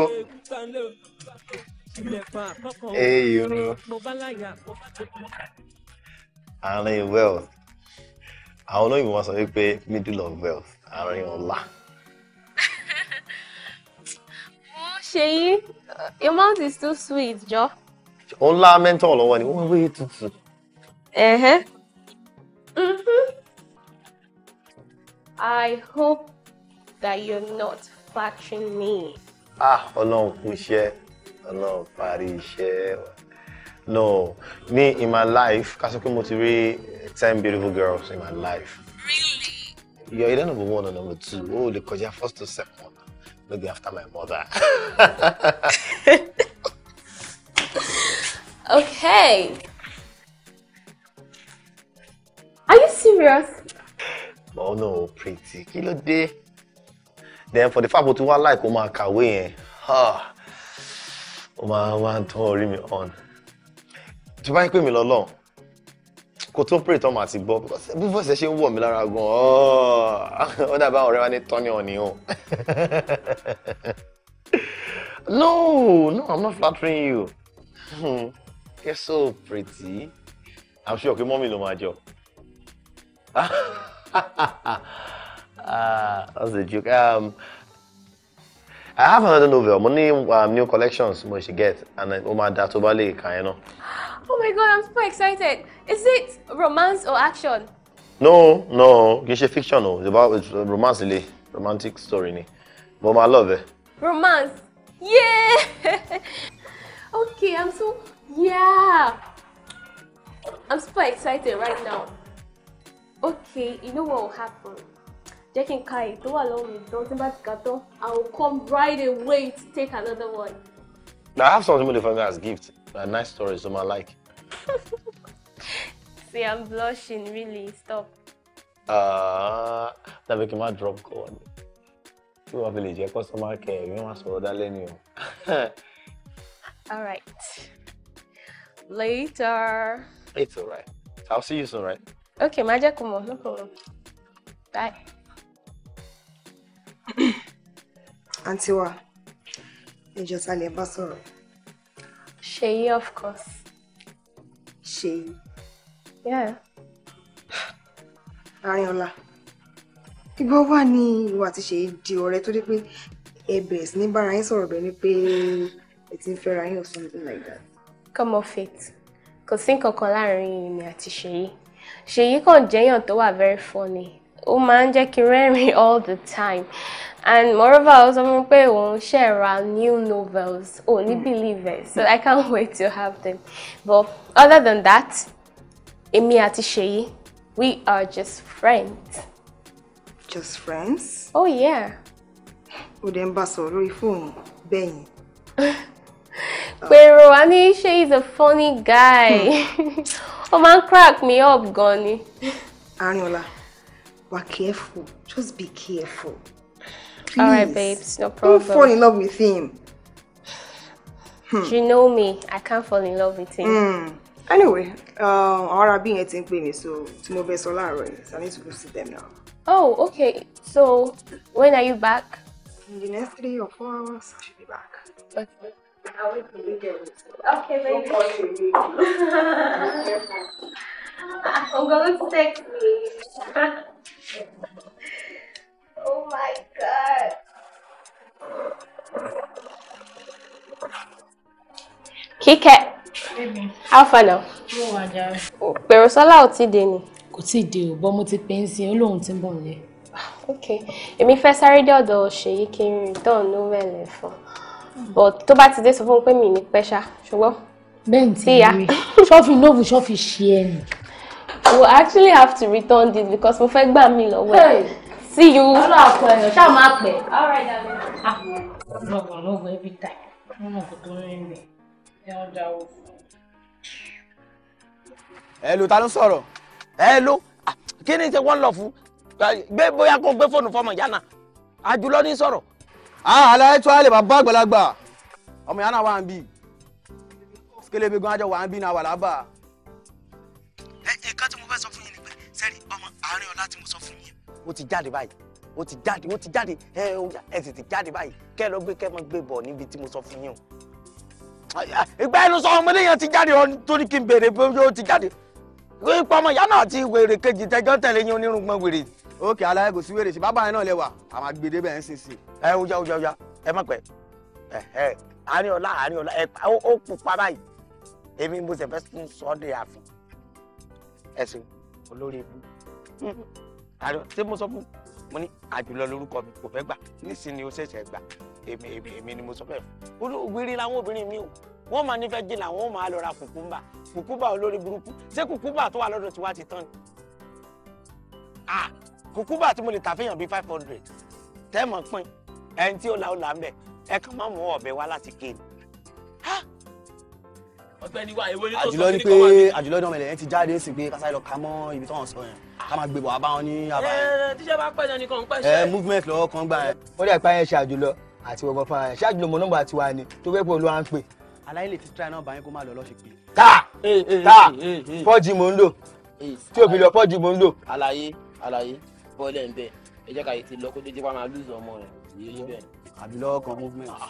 Hey, you know. àárín wealth àwọn olóyìnbó wọn sọ wípé middle of wealth àárín ọlá. [laughs] ṣèyí your mouth is too sweet jọ ó ń lá mẹ́ńtọ̀ I hope that you're not fetching me. ah ọlọ́run kú iṣẹ́ ọlọ́run no me in my life ká sọ pé mo ten beautiful girls in my life. really. you're either number one or number two Oh, lè kọjá first to second maybe after my mother. [laughs] Okay. Are you serious? Oh no, pretty. Kilo de. Then for the fact that you were like, ó máa kàwé yẹn, ha, ó me on. Tó bá ń pè mí lọ́lọ́run, kò tó ń pray tán màá ti gbọ́ because bí voice ṣe ń wọ̀ mí lára gan-an, oh! [laughs] ó dàbí àwọn ọ̀rẹ́ [laughs] No, no, I'm not flattering you. Hmm. You're so pretty. I'm sure pé mọ́mì ló máa [laughs] Ah, That's a joke. Um, I have another novel. Money, um, new collections We should get and ó máa dá tó bá lè kàn Oh my god, I'm super excited. Is it romance or action? No, no, kì í fiction o. It's about it's romance ilé, romantic story ni. Mo I love it. Romance, yeah! [laughs] okay, I'm so Yeah! I'm super excited right now. Okay, you know what will happen? Jack and Kai ka èyí tó Don't mi tán tí n bá about n I will come right away to take another one. Now I have something really for me as gift. A nice story, so I like. [laughs] See, I'm blushing, really. Stop. Uh, that make my drop code. on. You are village, customer care. You must order order All right. Later. It's all right. I'll see you soon, right? Okay, má jẹ́ no problem. Bye. [clears throat] Auntie wa, ẹ jọ̀ọ́ ta lẹ bá sọ̀rọ̀? Ṣèyí, of course. Ṣèyí? Yeah. [sighs] Arinola, ìgbà wo wá ni ìwọ àti Ṣèyí di ọ̀rẹ́ tó dé pé ẹ bẹ̀rẹ̀ sí ní bára yín sọ̀rọ̀ bẹ́ẹ̀ or something like that? come off it kò sí nǹkan kan láàrin èmi àti ṣèyí ṣèyí kàn jẹ́yàn tó wà very funny ó máa ń jẹ́ kí n rẹ́rìn [laughs] all the time and moreover ó sọ fún mi pé òun ṣe ra new novels Oh, ní hmm. believe it so hmm. I can't [laughs] wait to have them but other than that èmi àti ṣèyí we are just friends. just friends? oh yeah. ó dẹ̀ ń bá lórí fóònù bẹ́ẹ̀ yẹn. [laughs] Pero a ní ṣé he's a funny guy. Hmm. [laughs] Ó máa ń crack me up gan ni. Arinola, wà careful. Just be careful. Please. All babes, no problem. Don't fall in love with him. Hmm. You know me. I can't fall in love with him. Mm. Anyway, um, our being at Tinkpini, so tomorrow is all so I need to go see them now. Oh, okay. So, when are you back? In the next three or four hours, I should be back. Okay. I'll wait for you Okay, [laughs] baby. I'm going to text me. [laughs] oh my god. Kíkẹ́. How far now? Mo wà jàre. Pẹ̀rọ Sọ́lá ò tí dé ni. Kò tí ì dé o, bọ́ mo ti pè ń sin, ó lóun ti ń bọ̀ nílé. Ah, ok, èmi fẹ́ sáré dé ọ̀dọ̀ Ṣèyí kí n rìn tán ní ó wẹ̀lẹ̀ fún un but tó bá ti dé sọ fún mi pé mi ní pẹ́ ṣá ṣùgbọ́n. bẹ́ẹ̀ ti rí ṣọ́ọ̀fì nóòfù ṣọ́ọ̀fì ṣe ẹ̀ nì. we will actually have to return this because mo fẹ́ gbà mí lọ́wọ́ ẹ̀. see you. ọlọ́ àpò ẹ̀yàn ṣáà máa pẹ̀. alright darling. ah lọ́gọ̀ lọ́gọ̀ every time wọ́n mọ̀ kó tó rí mi ẹ ló ta ló sọ̀rọ̀ ẹ ló ah, kí ni ṣe wọ́n lọ fún gbé bóyá kó gbé fóònù fọmọ ìyá náà àjùlọ ní sọ̀rọ̀ aláyé tó àlè bàbá àgbàlagbà ọmọ yàrá wà ń bì sikele mi gan ajọ wà ń bì náà wà ẹ ẹ ká tí mo fẹ́ sọ fún yín ni pé sẹ́rí ọmọ àárín ọ̀la tí mo sọ fún yín. ó ti jáde báyìí ó ti jáde ó ti jáde ẹ ẹ sì ti jáde báyìí kẹ́ ẹ lọ gbé kẹ́ ẹ mọ gbé bọ̀ níbi tí mo sọ fún yín o ìgbà ẹnu sọ ọmọdé yẹn ti jáde ọ torí kí n béèrè pé ó ti jáde ìpamọ ìyá náà wèrè kejì tẹjọ tẹlẹ yín onírúgbọn wèrè ókè aláyẹ kò sí wèrè ṣe bàbá yẹn náà lẹwà àwọn agbèdè bẹ́ẹ̀ ń sìn sí. ẹ ojà ojà ojà ẹ má pẹ́ ẹ ẹ àárín-ọ̀la àárín-ọ̀la ẹ ó pupa báyìí èmi mo sì fẹ́ fún sọ́ọ́dẹ̀ àfin ẹ̀sìn olórí ibú ṣé mo sọ fún mo ní àjùlọ lórúkọ mi kò fẹ́ gbà nísìnyí ó ṣẹ̀ṣẹ̀ gbà èmi èmi èmi ni mo sọ fẹ́ fún un wíri làwọn obìnrin mi o wọ́n máa nífẹ̀ẹ́ jìnnà wọ́n máa lọ ra kùkúmbà kùkúmbà olórí burúkú ṣé kùkúmbà tó wà lọ́dọ̀ tiwa ti tán ni ah! kùkúbà tí mo lè tà bíi five hundred tẹ́ẹ̀mọ̀ pín ẹni tí ó la ó là ń bẹ̀ ẹ kàn má mú ọ̀bẹ wá láti kéde. ọ̀gbẹ́ni wa ìwé ni tó ni kò àjùlọ ní ọmọ ilẹ̀ ti jáde sí pé kásá lọ ká mọ́ ibi tó hàn sọ yẹn ká máa gbébọ̀ àbá wọn ní àbá yẹn. ẹ tíṣẹ́ bá pẹ̀lẹ́ nìkan ń pẹ̀ṣẹ̀. ẹ movement lọ́wọ́ kan gbà yẹn. ó dẹ̀ pa ẹ̀ ṣe àjùlọ àti gbogbo fún ẹ ṣe àjùlọ mọ nọ́mbà tiwa ni tó fẹ́ pé olúwa ń pè. aláìlè ti tíra nọ́mbà yẹn kó má lọ lọ́ọ́ ṣe pé. ká ká fọ́ọ̀jì mò ń lò tí òbí lọ fọ́ọ̀jì mò ń lò. àlàyé àlàyé bọ́ọ̀lẹ̀ ń bẹ̀ ẹ jẹ́ ká yìí ti lọ kó déjé wá máa lùzọ ọmọ rẹ̀ yìí rí bẹ́ẹ̀. àbí lọ́wọ́ kan movement. Ah,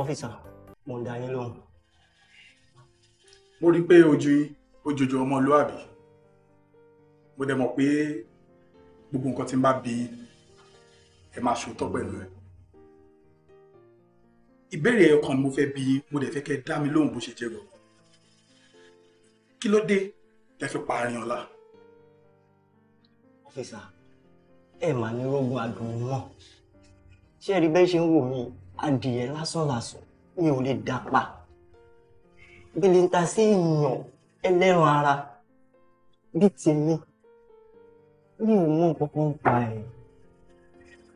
ọ́fíìsà mo ń dá yín lóhùn. mo rí i pé ojú ojoojú ọmọlúàbí mo dẹ̀ mọ̀ pé gbogbo nǹkan tí ń bá bí ẹ máa ṣòótọ́ pẹ̀lú ẹ ìbéèrè ẹ̀kan mo fẹ́ bi mo dẹ̀ fẹ́ kẹ́ dá mi lóhùn bó ṣe jẹ́ gbọ́ kí ló dé tẹ́ fi pa Arìnọ̀la. ọ̀fíìsà ẹ mà ní rógun àdùn mọ́ ṣé ẹ rí bẹ́ẹ̀ ṣe ń wò mí adìyẹ lásán lásán mi ò lè dà pa bìlìntà sí ìyàn ẹlẹ́ran ara bíi tèmi mi ò mọ kankan pa ẹ̀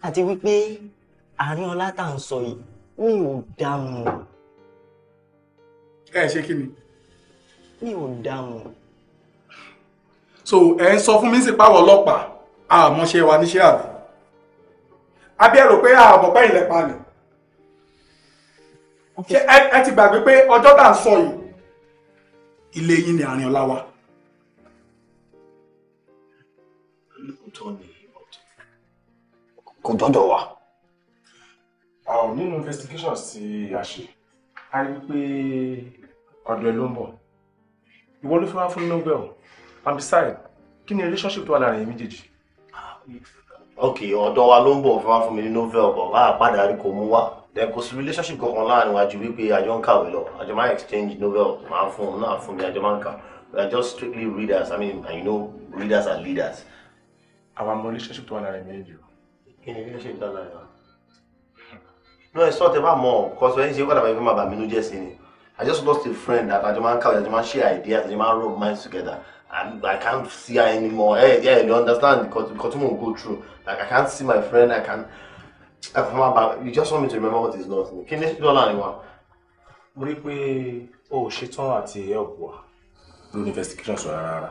àti wípé Arìnọ̀la tá à ń sọ yìí mi ò dá mọ̀. ẹ ṣe kí ni mi ò dáhùn. so ẹ ń sọ fún mi sí pàwọ̀ ọlọ́pàá àmọ́ṣe wa níṣẹ́ àbí abẹ́rò pé àbọ̀pẹ́ ilẹ̀ pa ni ṣé ẹ ti gbàgbé pé ọjọ́ tá à ń sọ yìí ilé yín ni àárín ọlá wa. lóòótọ́ ni kò dọ́dọ̀ wa. nínú investigation tí a ṣe a rí i pé ọ̀dọ̀ ẹ ló ń bọ̀ ìwọ ló fi wá fún nobel and besides kí ni relationship tó wà láàrin yìí méjèèjì. ok ọ̀dọ̀ wa ló ń bọ̀ fún wa fún mi ní nobel bọ̀ bá a padà rí kò mú wá then kò sí relationship kankan láàrin wa ju wípé àjọ ń kàwé lọ àjọ máa exchange nobel máa fún un náà fún mi àjọ máa ń kà we are just strictly readers i mean and you know readers are leaders. àwọn ọmọ relationship tó wà láàrin méjèèjì o. kí ni relationship tó wà láàrin wa. [laughs] no ẹ sọ tẹ bá mọ ọ kọsọ ẹ ń ṣe kọ́dà bá ẹ fẹ́ máa bà mí jẹ́ sí ni. I just lost a friend that Ajaman Kawi, Ajaman share ideas, Ajaman rub minds together. And I can't see her anymore. Hey, eh, yeah, you understand? Because because we go through. Like I can't see my friend. I can. I can You just want me to remember what is lost. Kí ni dọ́là ni wa? Mo rí pé o ò ṣetán help wa lórí investigation sọ rárá.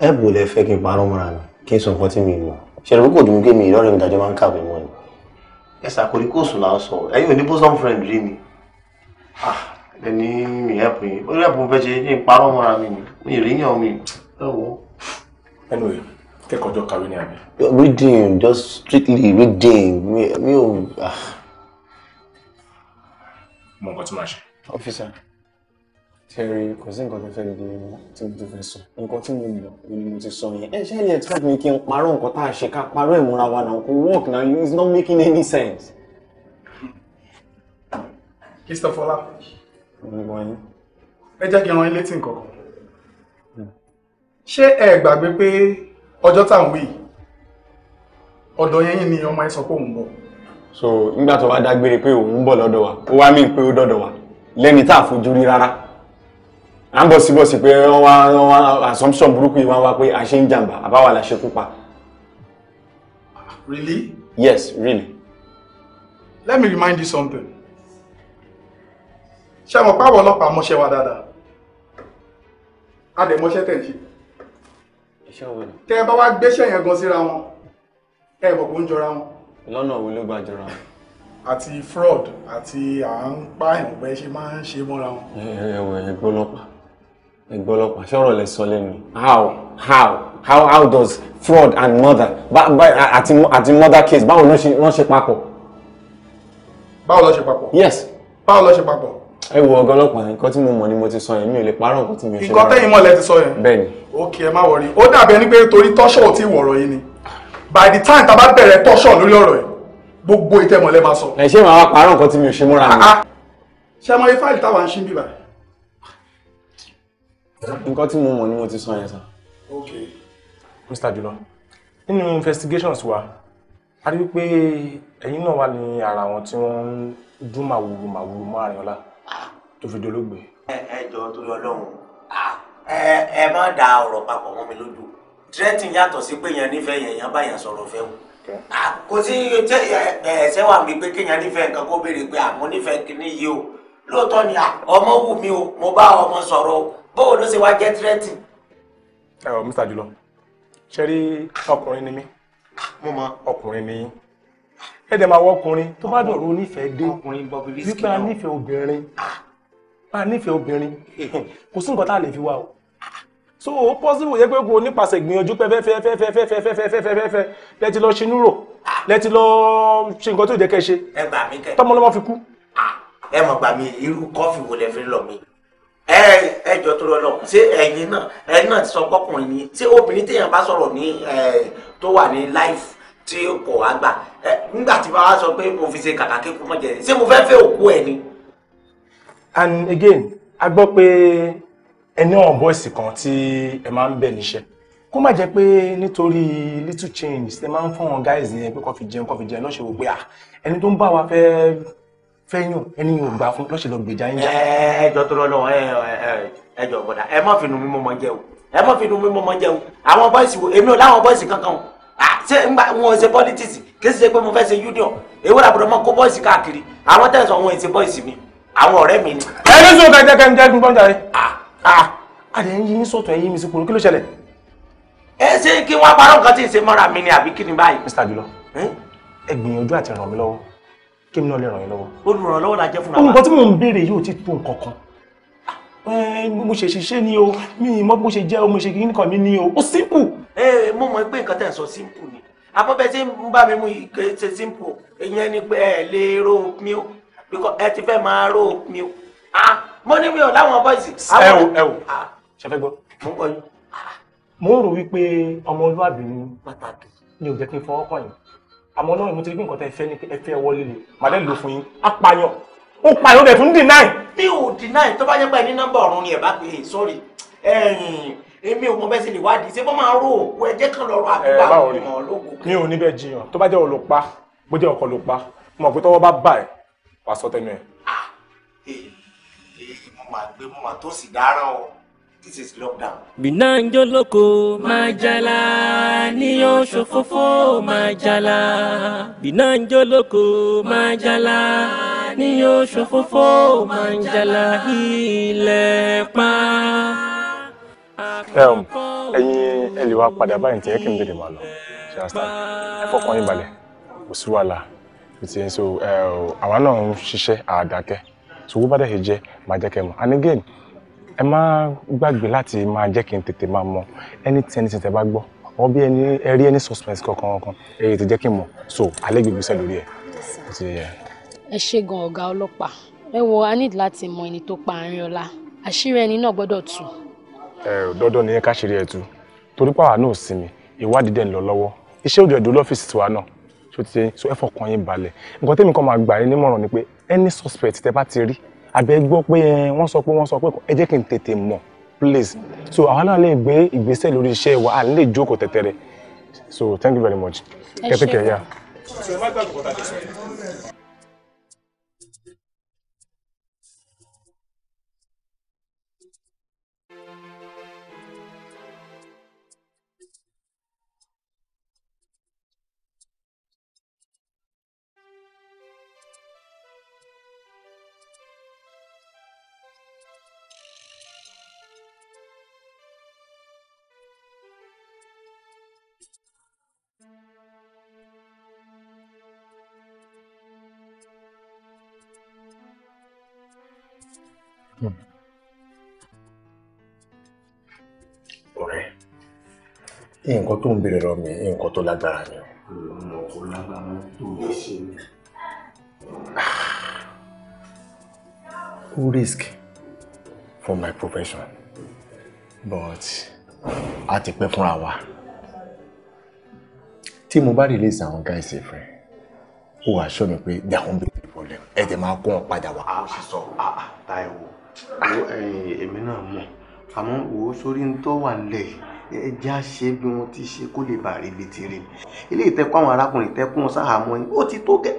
Help wo lẹ fẹ́ kí n mi kí n sọ nǹkan tí mi mọ̀. Ṣèlú kò dùn kí mi ìrọ́lẹ̀ mi dájọ́ máa ń kàwé mọ́ ni. Ẹ̀sà kò rí kóòsù là ń sọ. Ẹ̀yin ò ní bosom friend rí mi. Ah, ẹni mi ẹ̀pù yìí ó lẹ́pù fẹ́ ṣe ní ìparọ́ mọ́ra mi ni mi ì ríyàn mi ẹ̀wọ̀. anyway kẹ́kọ̀ọ́ jọ kàwé ní àbí. reading just strictly reading mi ò. Ah. mo nǹkan tí màá ṣe. ọ́fíìsà tẹ̀rí kò sí nǹkan tó fẹ́ di tí mo ti fẹ́ sọ nǹkan tí mo lọ ni mo ti sọ yẹn ẹ ṣáà lè expect mi kí n parọ́ nǹkan tá a ṣe ká parọ́ ìmúra wa náà kò work na it's not making any sense. Mr. Fọlápé. Ẹ jẹ́ kí n ran yín létí nǹkan kan. Ṣé ẹ gbàgbé pé ọjọ́ tá ń wí ọ̀dọ̀ yẹn yìí ni ọmọ yẹn sọ pé òun bọ̀? So nígbà tó wá dágbére pé òun bọ̀ lọ́dọ̀ wa, ó wá mí pé ó dọ̀dọ̀ wa, lẹ́ni tá à fojú rí rárá. À ń bọ̀ síbọ̀ sí pé wọ́n wá wọ́n wá assumption burúkú yìí wọ́n wá pé a ń jàǹbá, àbáwá la ṣe kú Really? Yes, really. Let me remind you something ṣé mọ̀ páwọ̀ ọlọ́pàá mọ́ṣẹ́ wa dáadáa a lè mọ́ṣẹ́ tẹ̀ ń ṣe tẹ́ ẹ bá wá gbéṣẹ́ yẹn gan síra wọn ẹ mọ̀ kó ń jọra wọn. lọ́nà wo ló gbà jọra wọn. àti fraud àti à ń pa ìwọ̀nbẹ́ ṣe máa ń ṣe mọ́ra wọn. ẹwẹ ẹgbẹ́ ọlọ́pàá ṣọ́rọ̀ lẹ sọ lẹ́nu how how how how does fraud and murder àti àti murder case báwo ló ṣe papọ̀. báwo ló ṣe papọ̀. yes. báwo ló ṣe papọ̀ ẹ wo ọgá ọlọ́pàá nǹkan tí mo mọ̀ ni mo ti sọ yẹn mi ò lè parọ́ nǹkan tí mi ò ṣe lára nǹkan tẹ́yìn mọ̀ lẹ ti sọ yẹn bẹ́ẹ̀ni ok ẹ má wọrí ó dàbí ẹni pé torí tọ́ṣọ̀ ò tí ì wọ̀rọ̀ yìí ni by the time tá a bá bẹ̀rẹ̀ tọ́ṣọ̀ lórí ọ̀rọ̀ yìí gbogbo ìtẹ́mọ̀ lẹ máa sọ. ẹ ṣé màá wá parọ́ nǹkan tí mi ò ṣe múra mi. Ah, ah. ṣé mo rí fáìlì táwa ń ṣí bíbá. nǹkan tí mo mọ̀ ni mo ti sọ yẹn sir. ok. Mr. Jùlọ nínú investigations wa a rí i pé ẹ̀yin náà wà ní ara àwọn tí wọ́n ń dún màwùrù màwùrù mọ́ Àrìnọlá tó fi dolóògbé. ẹ ẹ jọ torí Ọlọ́run ẹ ẹ má da ọ̀rọ̀ papọ̀ mọ́ mi lójú tírẹ́tìn yàtọ̀ sí pé yẹn nífẹ̀ẹ́ yẹn yẹn bá yẹn sọ̀rọ̀ fẹ́ o kò sí ẹsẹ̀ wà mí pé kéèyàn nífẹ̀ẹ́ nǹkan kó béèrè pé àmọ́ nífẹ̀ẹ́ kìíní yìí o lóòótọ́ ni ọmọ wù mí o mo bá ọmọ sọ̀rọ̀ o bóun ló ṣe wá jẹ́ tírẹ́tìn. ẹ ọ Mr. Jùlọ ṣe rí ọkùnrin ni mí mo mọ ọkùnrin ni yín ẹ dẹ̀ máa wọ ọkùnrin tó bá dọ̀rọ̀ onífẹ̀ẹ́ dé wípé a nífẹ̀ẹ́ obìnrin a nífẹ̀ẹ́ obìnrin kò sí nǹkan tá a lè fi wá o so ó possible yẹ pé kò nípasẹ̀ gbìyànjú pé fẹ́fẹ́fẹ́fẹ́fẹ́fẹ́fẹ́fẹ́ lẹ́tí lọ ṣinú rò lẹ́tí lọ ṣe nǹkan tó jẹ́ kẹ́ ṣe tọmọlọmọ fi kú. ẹ mọ̀ gbà mí irú kọ́fì wo lẹ fi lọ mi ẹ ẹjọ tó lọ lọ ṣé ẹ̀yin náà ẹ̀yin náà ti sọ pọkùnrin ni ṣé obìnrin téèyàn bá sọ̀rọ̀ ní tó wà ní life tí kò wá gbà nígbà tí bá wá sọ pé mo fi ṣe kàkà kékun mọ jẹ ṣé mo fẹ́ fẹ́ òkú ẹ ni and again a gbọ́ pé ẹni ọ̀hún bọ́ọ̀sì kan tí ẹ máa ń bẹ̀ níṣẹ́ kó má jẹ́ pé nítorí little change ṣe máa ń fún àwọn guys yẹn pé kó fi jẹun kó fi jẹun lọ́sẹ̀ wò pé ah ẹni tó ń bá wa fẹ́ fẹ́ yàn ẹni yóò gbà fún lọ́sẹ̀ lọ gbèjà yín jà. ẹjọ tó lọ́nà ẹjọ bọ̀dà ẹ má finú mi mọ́ mọ́ jẹ́ o ẹ má finú mi mọ́ mọ́ jẹ́ o àwọn bọ́ọ̀sì wo èmi ò láwọn bọ́ọ̀sì kankan o ṣé n bá wọn ṣe politics kì í ṣe pé mo fẹ́ ṣe union èwo làbùdó mọ́ kó bọ́ọ̀sì káàkiri àwọn tẹ̀sán wọn ṣe bọ́ọ̀sì mi àwọn ọ̀rẹ́ mi ni. ẹ ní sọ kẹjẹ kẹjẹ kẹjẹ gbọ́n jàre. àdé ń yí ń sọ̀tún ẹ̀yìn mi sí kúrò kí ló ṣẹlẹ̀. ẹ ṣé kí wọ́n parọ́ nǹkan tí ì ṣe mọ́ra mi ni àbí kí ni báyìí. Mr. Jùlọ ẹ gbìyànjú àti ràn mí lọ́wọ́ kí mi náà lè ràn yín lọ́wọ́. olùrànlọ́wọ́ la jẹ́ fúnra wa. nǹkan tí mò ń béèrè yóò ti tó nǹkan kan mo ṣe ṣiṣẹ́ ni o mi mọ bó ṣe jẹ́ o ṣe kíní mi ni o ó simple. ẹ mo mọ pé nǹkan tẹ̀ ń sọ simple ni àmọ́ bẹ́ẹ̀ tí ń bá mi mú ike ṣe simple ìyẹn ni pé ẹ lè ro mi o because ẹ ti fẹ́ máa ró mi o ah mo ní mi ò láwọn bọ́ìsì. ẹ wò ẹ wò ah. ṣe fẹ́ gbọ́. mo ń kọ́ yín. Ah. mo rò wípé ọmọlúwàbí ni pàtàkì ni ò jẹ́ kí n fọwọ́ kàn yín àmọ́ náà mo ti rí pé nǹkan tẹ́ fẹ́ ni ẹ fẹ́ wọlé lè màdé lò fún yín apààyàn ó pààyàn dẹ̀ tún deny. mi ò deny tó bá jẹ́ pé ní nọ́mbà ọ̀run ni ẹ̀ bá pè é sọ́ọ̀rì èmi ò mọ bẹ́ẹ̀ sì lè wádìí ṣé wọ́n máa rò òkú ẹjẹ́ kan lọ́rọ̀ àbúrò àwọn ìmọ̀ ológun. mi ò ní bẹ́ẹ̀ jiyàn tó bá jẹ́ ọ̀lọ́pàá bó jẹ́ ọkọ̀ lọ́pàá mo mọ̀ pé tọ́wọ́ bá bà ẹ́ wàá sọ tẹnu ẹ. Ah, mo máa gbé mo máa tó sì dára o this is lockdown. gbìnàjò lóko máa jala ní oṣù fòfò máa jala gbìnàjò lóko máa jala ní oṣù fòfò máa jala ilẹ̀ pa. ẹ̀yin ẹ lè wá padà báyìí tí ẹ kì í bèrè màá lọ ṣe àṣà ẹ fọkàn yín balẹ̀ kò sí wàhálà ti so eh, àwa náà ń ṣiṣẹ́ àdákẹ́ so owó bá dẹ̀ ṣe jẹ́ máa jẹ́ kẹ́ mọ̀ and again ẹ má gbàgbé láti máa jẹ́ kí n tètè máa mọ anything anything tẹ́ bá gbọ́ ọ bí ẹni ẹ rí ẹni suspense kankan kankan ẹ yẹ ti jẹ́ kí n mọ̀ so alẹ́ gbègbè sẹ́ lórí ẹ̀ ti yẹ. ẹ ṣe gan ọ̀gá ọlọ́pàá ẹ wo a need láti mọ ẹni tó pa Arínọlá àṣírí ẹni náà gbọ́dọ̀ tú. ẹ eh, dandan nìyẹn káṣírí ẹ tú torí pàwọn náà sinmi ìwádìí dẹ̀ ń lọ lọ́wọ́ iṣẹ́ òjò ìdúró lọ́fíìsì tiwa náà ṣó ti so ẹ fọkàn yín balẹ̀ nǹkan tẹ́mi kan máa gbà yín nímọ̀ràn ni pé any suspect tẹ́ bá ti rí àbẹ́ gbọ́ pé wọ́n sọ pé wọ́n sọ pé ẹ jẹ́ kí n tètè mọ̀ please so àwọn náà lè gbé ìgbésẹ̀ lórí iṣẹ́ wa à ń lè jókòó tẹ̀tẹ̀rẹ̀ so thank you very much kẹ́tẹ́kẹ́ yeah. tó ń béèrè lọ mi nǹkan tó lágbára ni. Who risk for my profession but a ti pẹ́ fúnra wa tí mo bá release àwọn guys ẹ̀ fún ó wàá ṣọ́ mi pé there won't be a problem ẹ̀ tẹ̀ máa kó wọn padà wá. ó sì sọ Táíwò eh, èmi náà mọ̀ àmọ́ wo sórí ń tọ́ wà lẹ́yìn ẹja ṣe bí wọ́n ti ṣe kó lè bàa rí ibi ti rí ilé ìtẹ́kọ́ àwọn arákùnrin ìtẹ́kùn sáhàmọ́ yín ó ti tó gẹ́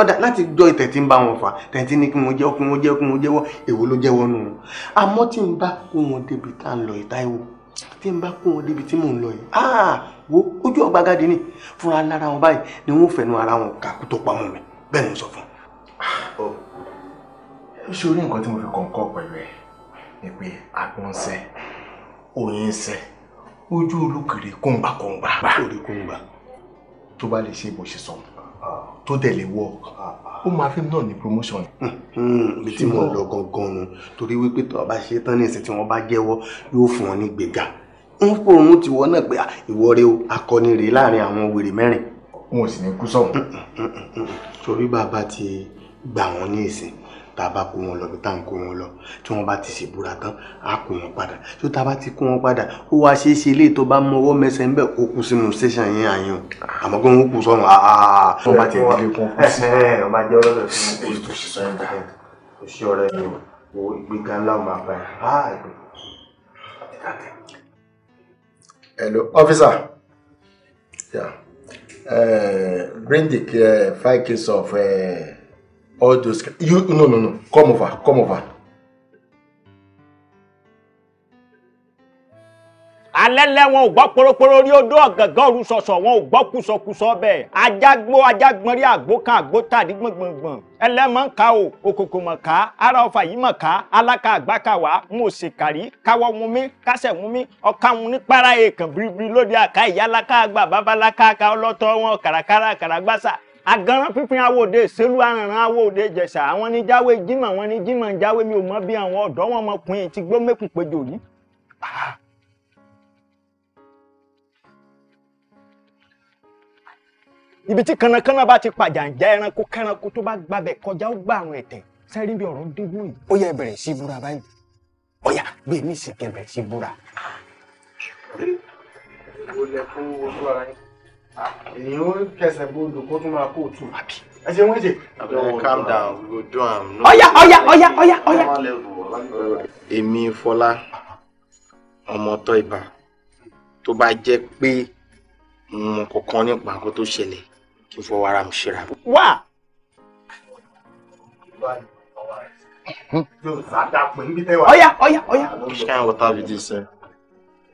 ọ̀dà láti jọ ìtẹ̀ tí ń bá wọn fà tẹ̀tí ní kí wọ́n jẹ́wọ́ kí wọ́n jẹ́wọ́ kí wọ́n jẹ́wọ́ èwo ló jẹ́wọ́ nù wọn àmọ́ tí ń bá kó wọn débi tá à ń lọ ìtaiwo tí ń bá kó wọn débi tí mò ń lọ yìí áà wo ojú ọ̀gbagadì ni fúnra lára wọn báyìí ni wọ́n fẹ̀nu ara wọn kà kó tó pamọ́ mi bẹ́ẹ̀ ni mo sọ fún un. ó orí nǹkan tí mo fi kọ̀ǹkọ̀ pẹ̀lú ẹ̀ ni pé ojú olùkèrè kóńgbà kóńgbà. orí kóńgbà. tó bá lè ṣe bó ṣe sọ tó tẹ̀lé wọ ó máa fẹ́ náà ní promotion. Hmm, hmm, bí tí mo lọ gangan nu torí wípé tó bá ṣe tán ní ìsìn tí wọ́n bá jẹ́wọ́ yóò fún wọn ní gbéga ń fòrùn tiwọ́ náà pé ìwọ rẹ o akọni rèé láàrin àwọn wèrè mẹ́rin. wọn ò sì ní kú sọ̀hún. Hmm, torí bàbá ti gbà wọ́n ní ìsìn tá a bá kó wọn lọ bí tá à ń kó wọn lọ tí wọ́n bá ti ṣèbúra tán á kó wọn padà tó tá a bá ti kó wọn padà ó wá ṣeé ṣe ilé tó bá mú ọwọ́ mẹsẹ̀ ń bẹ̀ kó kú sínú ṣẹ́ṣàn yẹn àyàn àmọ́ kí wọ́n kú sọ́run àá wọ́n bá ti dílé kún ẹ̀ẹ́n [laughs] ọba jẹ́ ọlọ́dọ̀ tí wọ́n kú sí sọ́yìn kò sí ọ̀rẹ́ mi ò ìgbéga ńlá ò máa bá ẹ̀ Hello, officer. Yeah. Uh, bring the uh, five case of uh, all those you no no no come over come over. alẹ́lẹ́ wọn ò gbọ́ poroporo rí odó ọ̀gàngán òru sọ̀sọ̀ wọn ò gbọ́ kùsọ̀kùsọ̀ bẹ́ẹ̀ ajágbó ajágbọ́n rí àgbó kan àgbó tàdí gbọ̀ngbọ̀ngbọ̀n ẹlẹ́mọ̀ ń ka o òkòkò mọ̀ ká ara ọ̀fà yìí mọ̀ ká alákà àgbákà wá ń òsè kàrí káwọ́ mu mí kásẹ̀ mu mí ọ̀ka mu ní para èèkàn biribiri lóde àká ìyá alákà àgbà babalákà ká ọlọ́tọ̀ wọn kàràkàrà agaran pínpín awòde ìṣèlú arànràn awòde ìjẹsà àwọn ní jáwé jímọ̀ wọn ní jímọ̀ ń jáwé mi ò mọ bí àwọn ọ̀dọ́ wọn ọmọkùnrin ti gbó mẹkùn péjọ rí. ibi tí kanakana bá ti pàjà ń já ẹranko kẹranko tó bá gbàbẹ kọjá ó gbà àrùn ẹ̀tẹ̀ sẹ́rí bí ọ̀rọ̀ dígún yìí. ó yẹ bẹ̀rẹ̀ sí búra báyìí ọ̀yà gbé mi sì kẹ bẹ̀rẹ̀ sí búra. ìwọlẹ̀ fún ojú ara yín èyàn ó kẹsẹ̀ gbọdọ̀ kó tún máa kó tù àbí. ẹ ṣe wọ́n jẹ. calm down we go do am. ọ̀yà ọ̀yà ọ̀yà ọ̀yà ọ̀yà. èmi Fọlá ọmọ Tóyìbá tó bá jẹ́ pé mo kọ̀kan nípa nǹkan tó ṣẹlẹ̀ kí n fọwọ́ ara mi ṣera. wá. ọ̀yà ọ̀yà ọ̀yà. kí ṣe àwọn ọ̀tá bìí di sẹ́.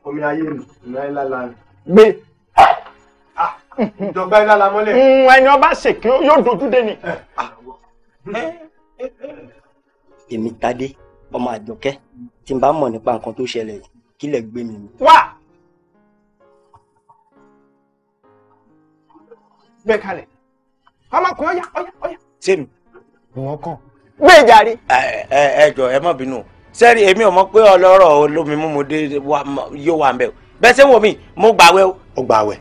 omi ayé mi ìnáyí lálá. gbé ìjọba ilá la mọ́lẹ̀. ìwọ̀n mm, ẹni ọba ṣèké yóò dojú dé ni. Eh, ah, eh, eh, èmi tadé ọmọ àjọkẹ́ tí n bá mọ̀ nípa nǹkan tó ṣẹlẹ̀ kílẹ̀ gbé mi. wá bẹ́ẹ̀ kalẹ̀ ọmọkùnrin ọ̀yà ọ̀yà ọ̀yà. sẹ́mi. ìwọ̀n kan. gbé jàre. ẹ ẹ ẹ jọ ẹ má bínú sẹ́ni èmi ò mọ̀ pé ọlọ́rọ̀ olómi mímu dé yóò wà ń bẹ̀ bẹ́ẹ̀ sẹ́wọ̀n mi mo gbàwẹ̀ o. ó gbàwẹ̀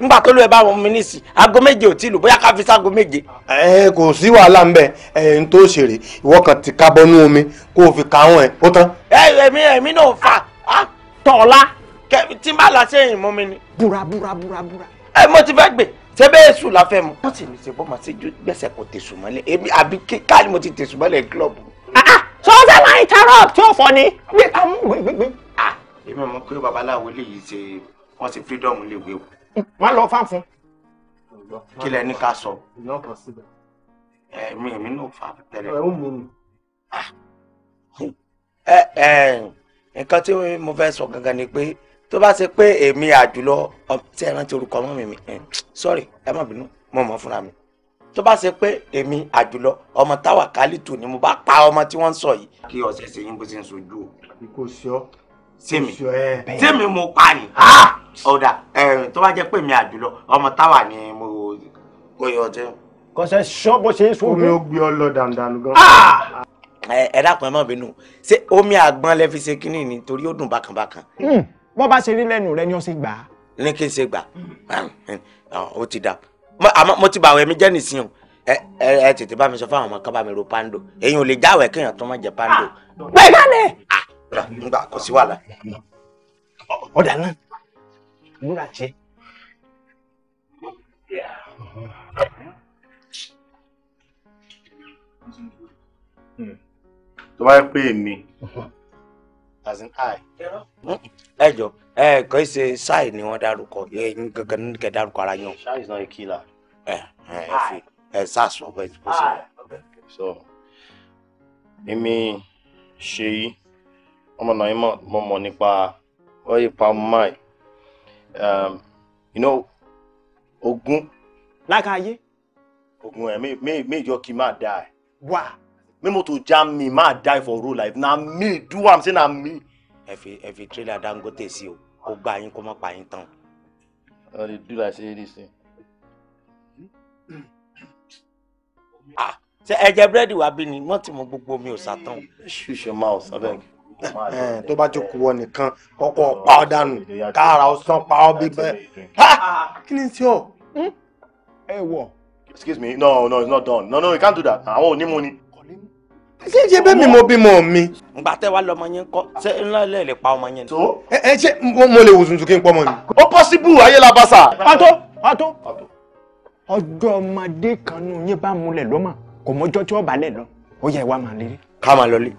ngbà tó ló ẹ bá wọn mi nísì aago méje ò tí lù bóyá ká fi ságo méje. ẹ kò sí wàhálà ń bẹ ẹ n tó ṣèrè ìwọ kan ti ká bọnú omi kó o fi ka wọn ẹ ó tán. ẹ ẹmí ẹmí náà fà á tọ̀ọ̀la tí n la ṣe ìmọ̀ mi ni. búra búra búra búra. ẹ mo ti fẹ́ gbè ṣé bẹ́ẹ̀ sùn la fẹ́ mu. wọ́n sì ní ṣe bọ́ màá ṣe gbẹ̀sẹ̀ kò tẹ̀sùn mọ́lẹ̀ èmi àbí ká ni mo ti tẹ̀sùn mọ́lẹ̀ kílọ̀bù. Ah, ah, sọ́sẹ́ máa ń tarọ́ tí ó fọ ni. gbé kámú gbégbé. èmi mọ̀ wọn lọ fáfún. kí lẹ ní ká sọ. ẹ̀mí mi náà fà tẹ́lẹ̀. ẹ̀ ń mú mi. Ah. ẹ ẹ nǹkan tí mo fẹ́ sọ gangan ni pé tó bá ṣe pé èmi àjùlọ tí ẹ rántí orúkọ ọmọ mi mi sorry ẹ má bínú mo mọ̀ fúnra mi tó bá ṣe pé èmi àjùlọ ọmọ táwa kálítù ni mo bá pa ọmọ tí wọ́n ń sọ yìí. kí ọ̀sẹ̀ ṣe yín bó ṣe ń sojú o. kò sí ọ sẹ́mi sẹ́mi mo pa ni ọ̀dà tó bá jẹ́ pé mi àjùlọ ọmọ táwa ni mo kọyọ ọtí. kọsẹ̀ sọ bó ṣe é sóògùn. omi ó gbé ọ lọ dandan gan. ẹ dákun ẹ má bínú ṣé omi àgbọn lẹ fi ṣe kínní ni torí ó dùn bákànbákàn. wọ́n hmm. bá ṣe rí lẹ́nu rẹ ni ó ṣe gbà á. ní kí n ṣe gbà ah, ó ti dà àmọ́ mo ti bàwẹ̀ mi jẹ́ nìsín o ẹ tètè bá mi sọ fún àwọn ọmọ kan bá mi ro pando èyí ò lè jáwèé kéèyàn tó má jẹ pando. Ah! bẹ́ẹ̀ ni rà nígbà kò sí wàhálà ọ̀dà náà múra tiẹ̀. tó bá yẹ pé èmi as in i. ẹ jọ ẹ kò í ṣe ṣáì ni wọn dárúkọ ẹyin gangan ní kẹ dárúkọ ara yín. ṣáì is not a killer. ẹ ẹ fi ẹ sars ọbẹ ìfọsọ. so èmi ṣe ọmọ Naimot mo mọ̀ nípa oil palm mine um, you know ogun. lákàáyé. ogun ẹ may your key ma die. wá. may moto jam me ma die for real life na me do am say na me. ẹ fi ẹ fi tírélà Dangote sí o kó gba yín kó má pa yín tán. I dey do like say this thing. ah ṣe ẹ jẹ búrẹ́dì wá bí ni wọ́n ti mọ gbogbo mi ò sàtàn. shut your mouth abeg. Eh, tó bá ti kú nìkan kọ́kọ́ pa ọ́ dànù káàrà ó pa ọ́ bíbẹ́ ah! kí ni tí ọ hmm? ẹ wọ. excuse me no no it's not done no no you can't do that àwọn onímù ni. ṣé ṣe bẹ́ẹ̀ mi mo bímọ mi. ìgbà tẹ́ wá lọmọ yẹn kọ́ ṣé ńlá ilé lè pa ọmọ yẹn. ẹ ẹ ṣe mo lè wùsùn kí n pọ́ ọmọ mi. ó possible ayé la bá sà. pàtó pàtó ọjọ́ ọmọdé kan nù yín bá múlẹ̀ lọ́mọ kò mọ́jọ́ tí ó bá lẹ̀ lọ ó yẹ ìwà màá lérí. máa lọ lé.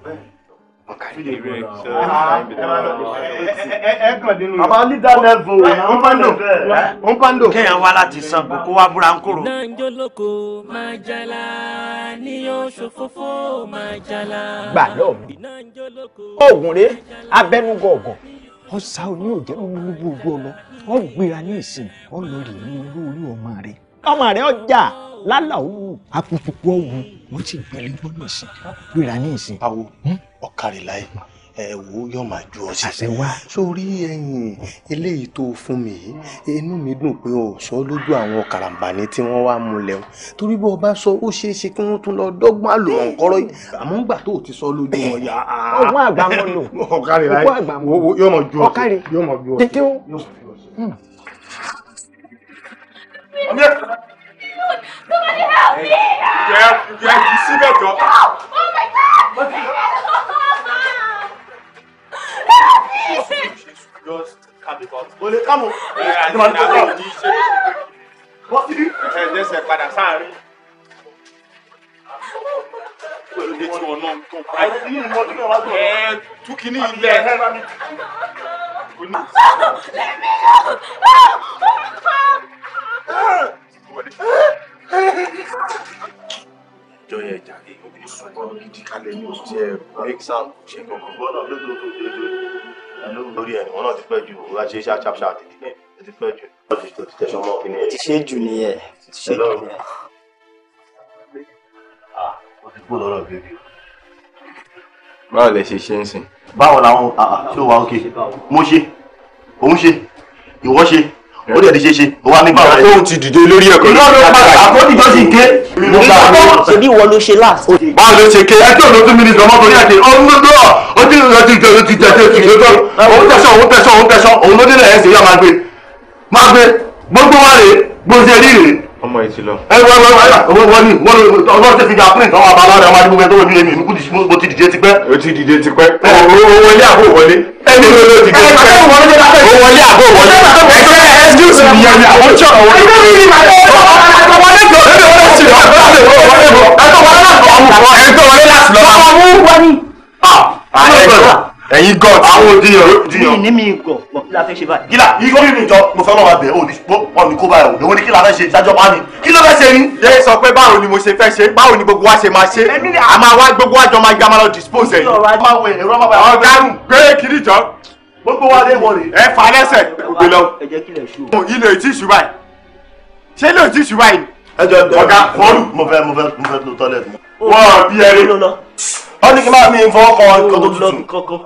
Bàbá leader level ń pando ń pando. Kéèyàn wá láti Ṣàngó kó wá búra ń kúrò. Nàìjọ́lókò máa jala ní oṣòfófó máa jala. Gbà lọ́ọ̀ mi. Oògùn rèé abẹ́nugọ̀ọ̀gàn ọ̀sà òní òjẹ́ gbogbo ọlọ ọ̀ gbéra ní ìsìn ọ̀ lọ rè ní olórí ọmọ rẹ̀. Ọmọ rẹ̀ ọjà lálàó akutuku ọ̀hún wọ́n ti gbẹ̀rẹ̀ gbọ́dọ̀ sí gbéra ní ìsìn. awo hm? ọ̀kàrẹ̀ láyé ẹ wo yóò máa ju ọ sí. àṣẹ sórí ẹ̀yin eléyìí tó fún mi inú mi dùn pé o sọ lójú àwọn karambani tí wọ́n wá múlẹ̀ o torí bó o sọ ó ṣeé ṣe kí wọ́n tún lọ dọ́gbọ́n àlò ọ̀nkọ́rọ́ yìí àmọ́ ńgbà tó o ti sọ lójú wọn yà á. ọwọ́ àgbà wọn lò ọkàrẹ láyé yóò máa ju ọ sí. ọkàrẹ yóò máa ju Somebody help me! Yeah, yeah, you see that dog? No! Oh my God! Help me! Just calm down. Ó lè calm o. Ẹ ní àwọn ní ṣe. Wọ́n ti rí. Ẹ lẹ́sẹ̀ padà sáàárín. Pẹ̀lú ilé tí wọn náà ń tán. Àìsí yìí ni mo tún náà wá sọ̀rọ̀. Ẹ tú kínní ilẹ̀. Let me go! Oh, oh, oh jọyọ ẹja ni obìnrin sọkọ gidi kalẹ̀ ní oṣiṣẹ exam ṣe kankan. wọn náà lójú ojú ojú ojú lórí ẹni wọn náà ti pẹ́ jù òun láti ṣe ṣáà ṣáà tètè ẹ ti pẹ́ jù. ó ti tó ti tẹsọ mọ kí ni ẹ. ti ṣe jù nìyẹn ti ṣe jù nìyẹn. ah o ti kú lọ́rọ̀ bébí o báwo lè ṣe ṣe ń sìn. báwo làwọn ah, ah, ṣé o wa ok mo ṣe òun ṣe ìwọ ṣe ó lè di ṣe ṣe ó wá nígbà rẹ. ó ti dìde lórí ẹ̀kọ́ ló ń bá àkójọ sí ké. mo gbà wọ́n ṣe bí wọ́n ló ṣe láti. bá a lè ṣe ké ẹjọ́ ló tún mílíọ̀nù ọmọkùnrin àti ọmọdé ọ̀ ó ti rẹ̀ ti jẹ́ ti jẹ́ ti jẹ́ tó òun tẹ̀sán òun tẹ̀sán òun tẹ̀sán òun ló dé lẹ́yìn sí yá máa gbé máa gbé gbogbo wa rè gbòǹsẹ̀ rí rè ọmọ yìí ti lọ. ẹ wọ wọ wọ wọ ni wọn ọlọ́run tẹ fi ga print àwọn àbá aláàrẹ àwọn adigunbẹ tó wọ nílé mi mo ti dìde tipẹ́. o ti dìde tipẹ́. o wọlé àbò wọlé. ẹni ló ló dìde tipẹ́. o wọlé àbò wọlé. ẹgbẹ́ excuse me yẹn ni àwọn tí ọ̀rọ̀ wọlé. ẹgbẹ́ mi ni màá tẹ̀ ọ́ ẹgbẹ́ wọlé jọ. ẹgbẹ́ wọlé ti lọ ẹgbẹ́ wọlé bọ̀ ẹgbẹ́ wọlé láti lọ. ẹgbẹ́ wọlé láti lọ ẹ̀yin god àwọn òdìyàn òdìyàn. mi ní mi gọ̀ bọ̀ kí la fẹ́ ṣe báyìí. gíla igbó mi jọ mo fẹ́ lọ́wọ́ abẹ òní wọn ni kó báyìí òní wọn ni kí la fẹ́ ṣe ìdájọ́ bá ní. kí ló fẹ́ ṣe ni. ẹ sọ pé báwo ni mo ṣe fẹ́ ṣe báwo ni gbogbo wa ṣe máa ṣe a máa wá gbogbo wa jọ máa gbé a máa lọ dispose ẹ̀. ọ̀gá gbé kiri jọ. gbogbo wa lè wọlé. ẹ fa lẹ́sẹ̀ ògbè lọ. ilé ìtì ìṣúra ẹ̀ ṣé ilé ìtì ìṣúra ẹ̀ ọ̀gá fọ́ọ̀lù mo fẹ́ mo fẹ́ mo fẹ́ lọ tọ́lẹ̀ wọ́n bí ẹni wọ́n ní kí n máa mi fọwọ́ kan ọkọ̀ tó tutù.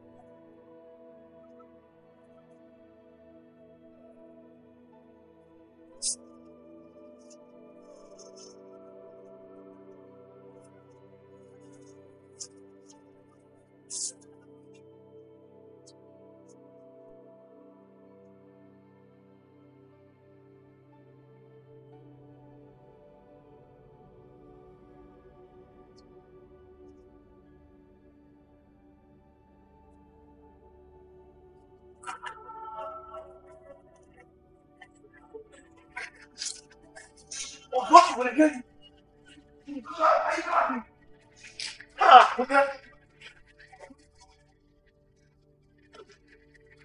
What will again?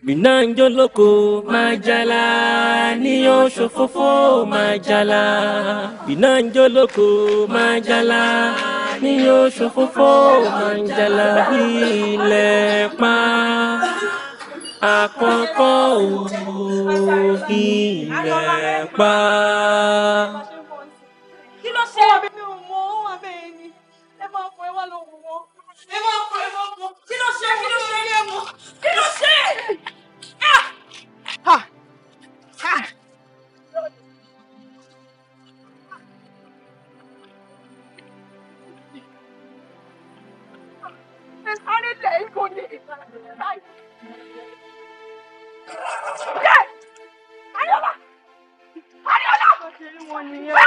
Binanjoloko majala ni o ṣòfófó majala. Binanjoloko majala ni o ṣòfófó majala. Ilẹ̀ pa àkọ́kọ́ òògùn pa. kí ló ṣe ilé mu kí ló ṣe. Yeah! Adiola! Adiola!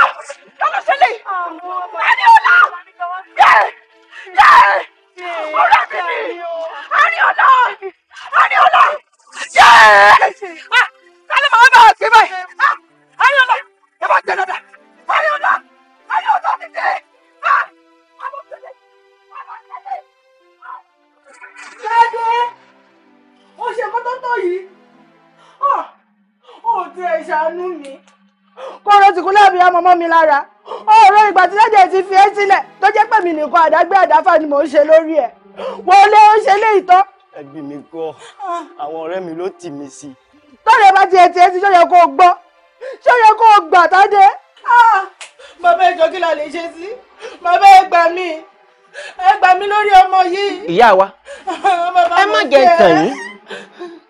mọ́ mi lára ọ̀rọ̀ ìgbà tí lẹ́jẹ̀ ti fi é sílẹ̀ tó jẹ́ pé mi nìkan àdágbé àdáfà ni mò ń ṣe lórí ẹ̀ wọ́n lé ó ṣe lé ìtọ́. ẹgbẹ́ mi kọ́ ah. àwọn ọ̀rẹ́ mi ló tì mí sí. tọ́lẹ̀ bá ti ẹtì ẹtì ṣó kó o gbọ́ ṣó yẹ kó o gbà tádé. Ah. bàbá ìjọ kí la lè ṣe sí bàbá ẹ gbà mí ẹ gbà mí lórí ọmọ yìí. ìyá wa [laughs] ẹ má jẹ́ ń tàn yín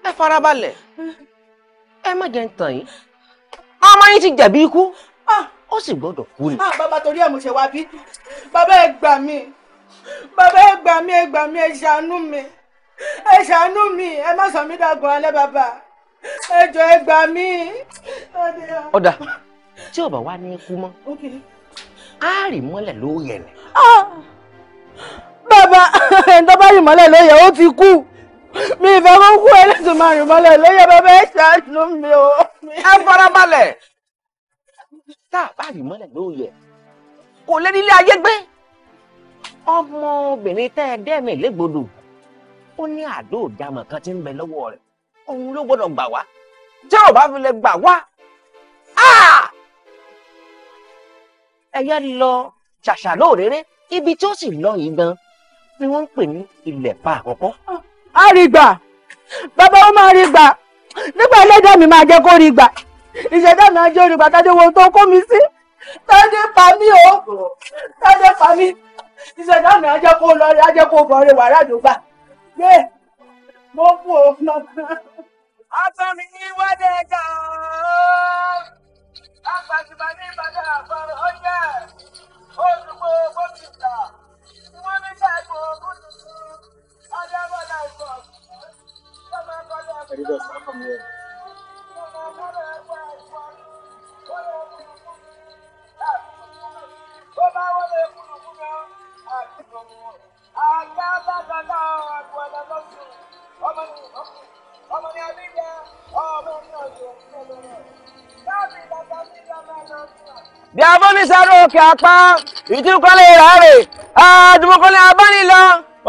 ẹ farabalẹ̀ ẹ má jẹ́ ń yín ọmọ yín ti jẹ̀bi ikú. Ah ó sì gbọ́dọ̀ kú ni. Ah, bàbá torí ẹ̀ mo ṣe wá bí bàbá ẹ gbà mí bàbá ẹ gbà mí ẹ gbà mí ẹ ṣàánú mi ẹ ṣàánú mi ẹ má sọ mí dàgbọ́n alẹ́ bàbá ẹ jọ ẹ gbà mí. ọ̀dà tí ọba wa ní kú mọ́ á rì mọ́lẹ̀ lórí ẹ̀ nì. Ah! bàbá ẹni tó bá rì mọ́lẹ̀ lóye ó ti kú mi ìfẹ́ kó kú ẹ lẹ́sùn máa rì mọ́lẹ̀ lóye bàbá ẹ ṣàánú mi o. ẹ farabalẹ̀ tá a bá rí mọ́lẹ̀ ló yẹ kò lẹ́ni ilé ayé gbé ọmọbìnrin tẹ́ ẹ dẹ́mi légbodò ó ní àdó ìdámọ̀ kan tí ń bẹ lọ́wọ́ rẹ̀ òun ló gbọ́dọ̀ gbà wá tí ò bá fi lè gbà wá ẹ̀yà lọ ṣàṣà lóòrèrè ibi tí ó sì lọ yìí gan ni wọ́n ń pè ní ilẹ̀pa àkọ́kọ́. a rí gbà bàbá ó máa rí gbà nígbà ẹlẹ́dàá mi máa jẹ́ kó rí gbà ìṣẹ̀dá mi ajé òrìgbà tádé wo tó kó mi sí tádé pa mí o tádé pa mí ìṣẹ̀dá mi ajé kó lọ rí ajé kó bọ̀ wàrà àdúgbà gbé mo kú o náà. ọtọ ní wọ́dẹ jà ọ́ ní ìbàdàn àgbọ̀rọ̀ ó olùkọ́ gómìnà wọ́n ní sẹ́gun ogún tuntun bọ́lá ìbọn diaboni sáré òkè apá ìtúkọ́lé ìràrè àdùmọ̀kọ́lé abánilọ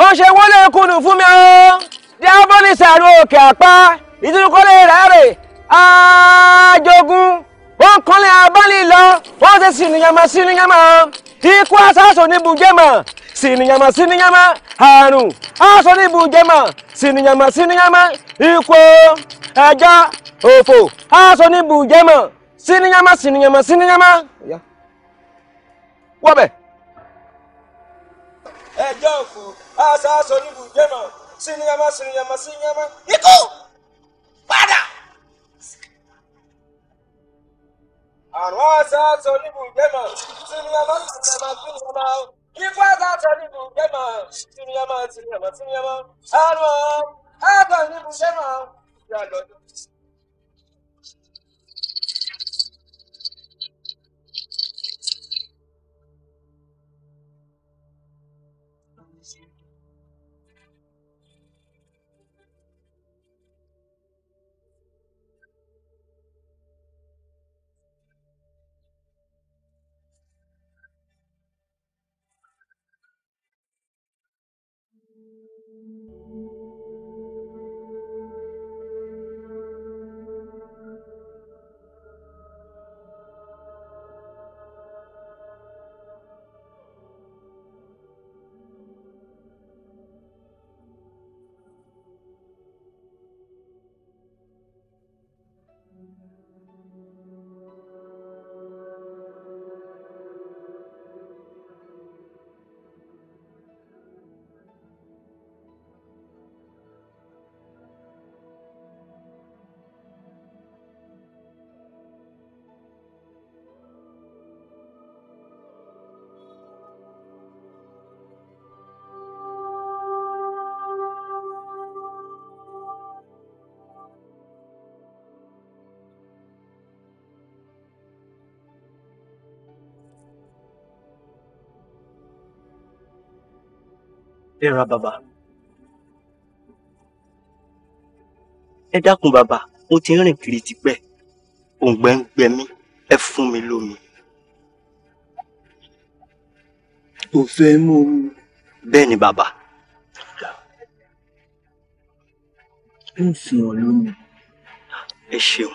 ó ṣe wọlé kùnù fún mi ó diaboni sáré òkè apá ìtúkọ́lé ìràrè àjogún wọn kọ́lé abálẹ̀ lọ wọ́n ṣe siniyama siniyama ikú aṣáṣọ níbùjẹ́mọ̀ siniyama siniyama àrùn aṣọ níbùjẹ́mọ̀ siniyama siniyama ikú ẹja òfò aṣọ níbùjẹ́mọ̀ siniyama siniyama siniyama. wọ́n bẹ̀. ẹjọ́ òfò aṣáṣọ níbùjẹ́mọ̀ siniyama siniyama siniyama ikú. àrùn ọ̀sẹ̀ sọ̀nìbù jẹ́mọ̀ tìrìyàmọ̀ tìrìyàmọ̀ tìrìyàmọ̀ ikú ẹ̀sẹ̀ sọ̀nìbù jẹ́mọ̀ tìrìyàmọ̀ tìrìyàmọ̀ tìrìyàmọ̀ àrùn ọ̀sẹ̀ sọ̀nìbù jẹ́mọ̀ yàtọ̀ fẹ́ ra bàbà. ẹ dákun bàbá mo ti rìn kiri tipẹ́ òǹgbẹ ń gbẹ mí ẹ fún mi lómi. kò fẹ́ mú un. bẹ́ẹ̀ ni bàbá. ń fi hàn lómi. ẹ ṣeun.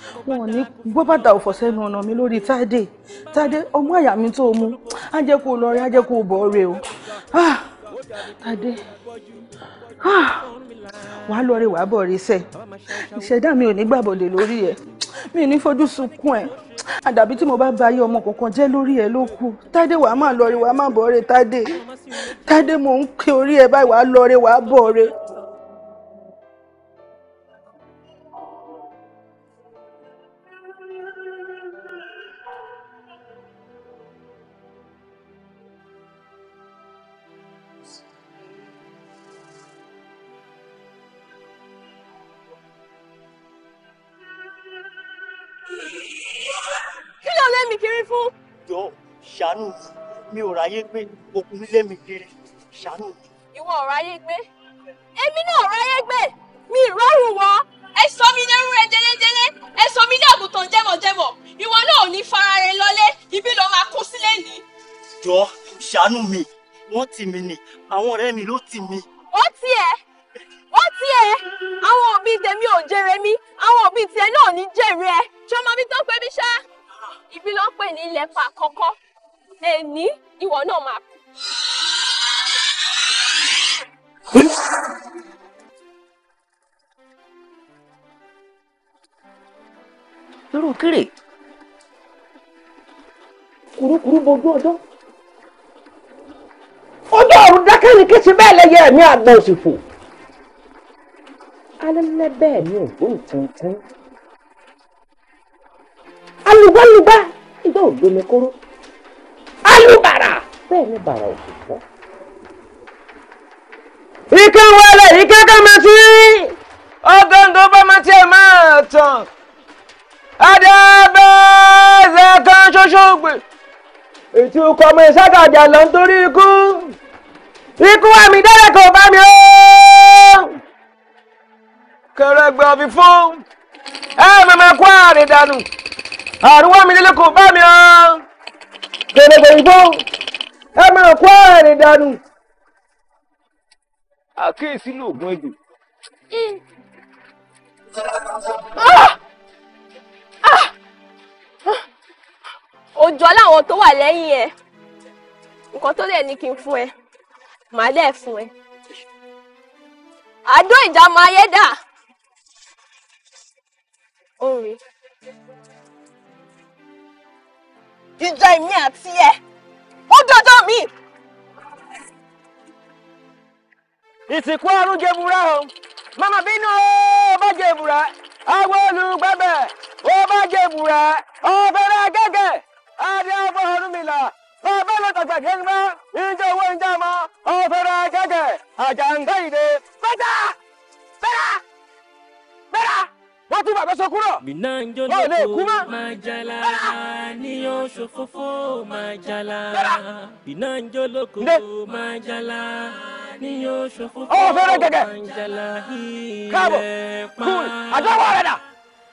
wọn ò ní gbọ́ bàtà òfò sẹ́nu ọ̀nà mi lórí Tádé Tádé ọmọ àyà mi tó mu á jẹ́ kó o lọ rẹ á jẹ́ kó o bọ̀ rẹ o Tádé ah, wà á lọ wà á bọ̀ rẹ sẹ́ ìṣẹ̀dá mi ò ní gbàbọ̀dẹ̀ lórí ẹ̀ mi ò ní fojú sunkún ẹ̀ àdàbí tí mo bá ba ayé ọmọ kankan jẹ́ lórí ẹ̀ ló kù Tádé wàá máa lọ rẹ wàá máa bọ̀ rẹ Tádé Tádé mò ń ké orí ẹ̀ báyìí wàá lọ rẹ wàá bọ̀ rẹ. ṣàánú mi mi ò ráyé gbé okùn nílé mi kiri ṣàánú mi. ìwọ ò ráyé gbé èmi náà ò ráyé gbé mi rọrùn wọ ẹ sọ mi ní ewúrẹ́ jẹlẹjẹlẹ ẹ sọ mi ní àgùntàn jẹmọjẹmọ ìwọ náà ò ní fara rẹ lọlé ibi ló máa kó sílẹ̀ ní. jọ ṣàánú mi wọ́n tì mí ni àwọn ọ̀rẹ́ mi ló tì mí. ó tiẹ̀ ó tiẹ̀ àwọn òbí tèmi ò jèrè mi àwọn òbí tiẹ̀ náà ní jèrè ẹ ṣọmọ mi tó pé mi ṣá ibi ló pè ní ilẹ̀ pa ẹni ìwọ náà máa kú. irú kírè kùrukùru bojú ọjọ́ ọjọ́ ọ̀run dákẹ́ ni kí ti bẹ́ẹ̀ lẹ́yẹ ẹ̀mí àgbọn òsìfò alẹ́lẹ́ bẹ́ẹ̀ ni ògbóhùn tuntun alùbálùbá ìgbà ògbómi kóró tú bàrà bẹ́ẹ̀ ni bàrà ò sì fọ́. ìkan wọlé ìkan kan máa ti rí ọgọ́ngọ́ bá máa tiẹ̀ máa tàn adábẹ́ẹ̀sẹ̀ kan ṣoṣo gbè ètò ọkọ̀ ọmọ ìságàjà lọ nítorí ikú ikú àmì dẹ́rẹ́ kò bá mi ó kẹrẹgbẹ ọbí fún ẹ mẹ́mẹ́ kó àrè dànù àrùn wà mí nílé bá mi ó gbèrègbè igbó ẹ máa kó ẹ̀rìn dànù. àkíyèsí lóògùn ejò. òjò láwọn tó wà lẹ́yìn ẹ̀ nǹkan tó dẹ̀ ní kí n fún ẹ màá dẹ̀ fún ẹ. àdó ìjà máa yé dà. orin. ìjà èmi àti ẹ ó dọjọ́ mi. ìsìnkú ọrùn jẹbura o mama bínú ó bá jẹbura àwọn olùgbẹ́bẹ̀ ó bá jẹbura ọ̀bẹ̀rẹ̀ gẹ́gẹ́ adé ọgbọ́n ọdún mi là bàbá lọ́tàgbà kẹ́gbẹ́ ìjọ owó ìjà mọ́ ọ̀bẹ̀rẹ̀ gẹ́gẹ́ àjàǹgá ìdè bẹ́tà bẹ́rà bẹ́rà wọ́n tún bàbá sọ kúrò. ó lè kú mọ́. Májàlá ni yóò ṣòfófó Májàlá. Bìnà ń jó lóko Májàlá ni yóò ṣòfófó Májàlá. Káàbọ̀ kúl àjọwọ́ rẹ̀ dà.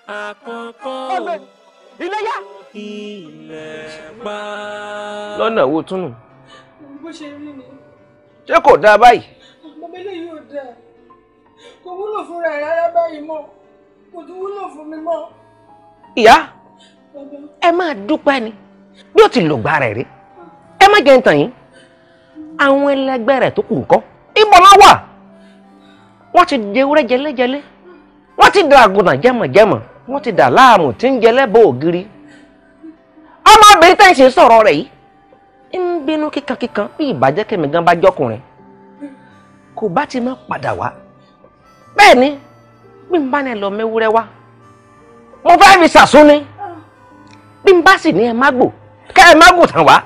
Àkọ́kọ́ iléyà. Ilẹ̀ pa. Lọ́nà wo tún nù? Bó ṣe rí ni. Ṣé kò dáa báyìí? Bọ́bélé yóò dáa. Kò wúlò fúnra rárá báyìí mọ́. kò ti ma fún ìyá ẹ máa dúpẹ́ ni bí ó ti lò rẹ̀ rí ẹ má tàn yín àwọn ẹlẹgbẹ́ tó kù ìbọn wà wọ́n ti de ewúrẹ́ jẹlẹ́jẹlẹ́ wọ́n ti da àgùnà jẹ́mọ̀jẹ́mọ̀ wọ́n ti dà láàmù tí ń ògiri ọmọbìnrin tẹ́ ń ṣe sọ̀rọ̀ rẹ̀ yìí ń bínú kíkankíkan bí ìbàjẹ́ kẹ̀mí gan ti má padà wá bẹ́ẹ̀ bí n bá ní ẹ lọ mẹ́wúrẹ́ wá mo fẹ́ fi sàsún ni bí n bá sì ní ẹ má gbò kẹ́ ẹ má gbò tán wá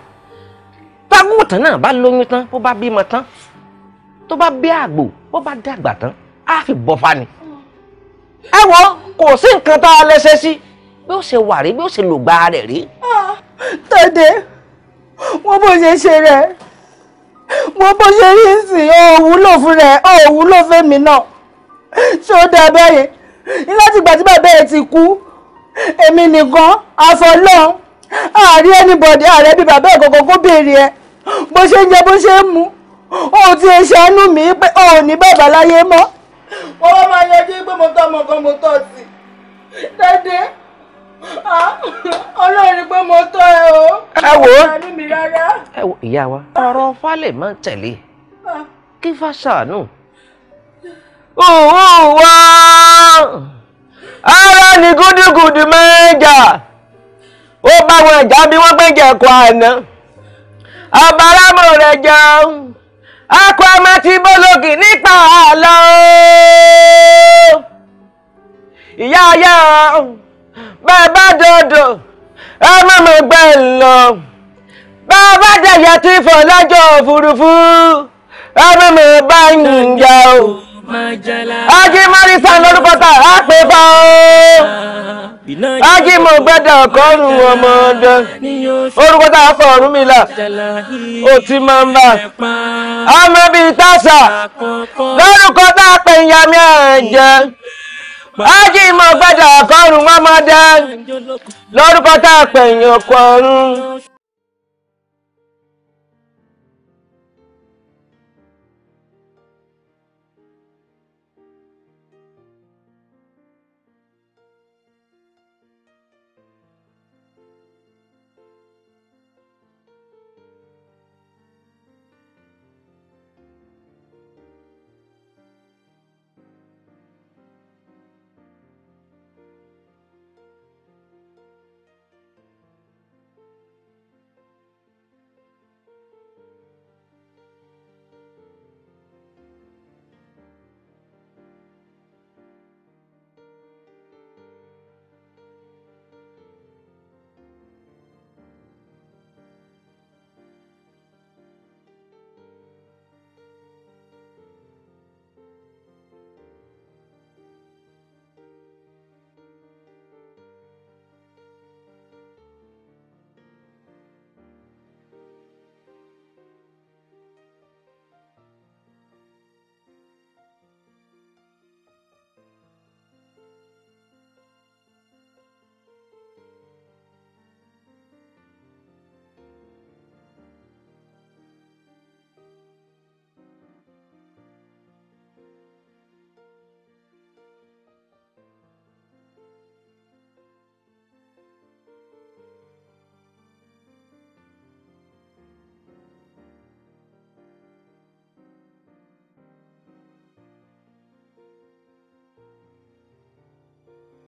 tágùntàn náà bá lóyún tán bó bá bímọ tán tó bá bí àgbò bó bá dàgbà tán á fi bọ́ fani. ẹ wo kò sí nǹkan tá a lè ṣe sí bí ó ṣe wà rí bí ó ṣe lò gba rẹ̀ rí. tọ́dé wọ́n bó ṣe ṣe rẹ̀ wọ́n bó ṣe rí sí òòwú fún rẹ̀ òòwú lò fẹ́mi náà ṣé ó dáa bẹ́yẹn ní láti ìgbà tí bàbá ẹ̀ ti kú èmi nìkan àfọlọ́n àárí ẹnibọ̀dì ààrẹ bíi bàbá ẹ̀ kọ̀ọ̀kan kó béèrè ẹ̀ bó ṣe ń jẹ bó ṣe ń mu ó ti ń ṣàánú mi pé ó ní bàbá láyé mọ́. mo wá máa yanjú pé mo tọ́ ọmọ kan mo tọ́ sí i dédé ọlọ́run pé mo tọ́ ẹ o. ẹ wò ó ẹ wò ìyá wa ọ̀rọ̀ falẹ̀ máa ń tẹ̀lé kí fà ṣàánú. uwa ara ni gudugudu mẹ́jà ó bá wọn ẹ̀já bí wọ́n gbé jẹ̀kọ́ àná àbáramọ̀ rẹ̀ jẹun akọ ọmọ bọ́lọ́gì nípa àlọ́ ìyá ayá bàbá dòdò ọmọ e mi gbẹ lọ bàbá jẹyẹ tí fọ òfurufú ọmọ e mi ají marisa lórúkọ tá a pè bá o ají mo gbẹdẹ ọkọrùn ọmọ ọdọ orúkọ tá a fọ ọrùn mi là ó ti máa ń bá ọmọ bíi tásà lórúkọ tá a pè ẹ̀jẹ̀ ají mo gbẹdẹ ọkọrùn ọmọ ọdọ lórúkọ tá a pè ìyàmí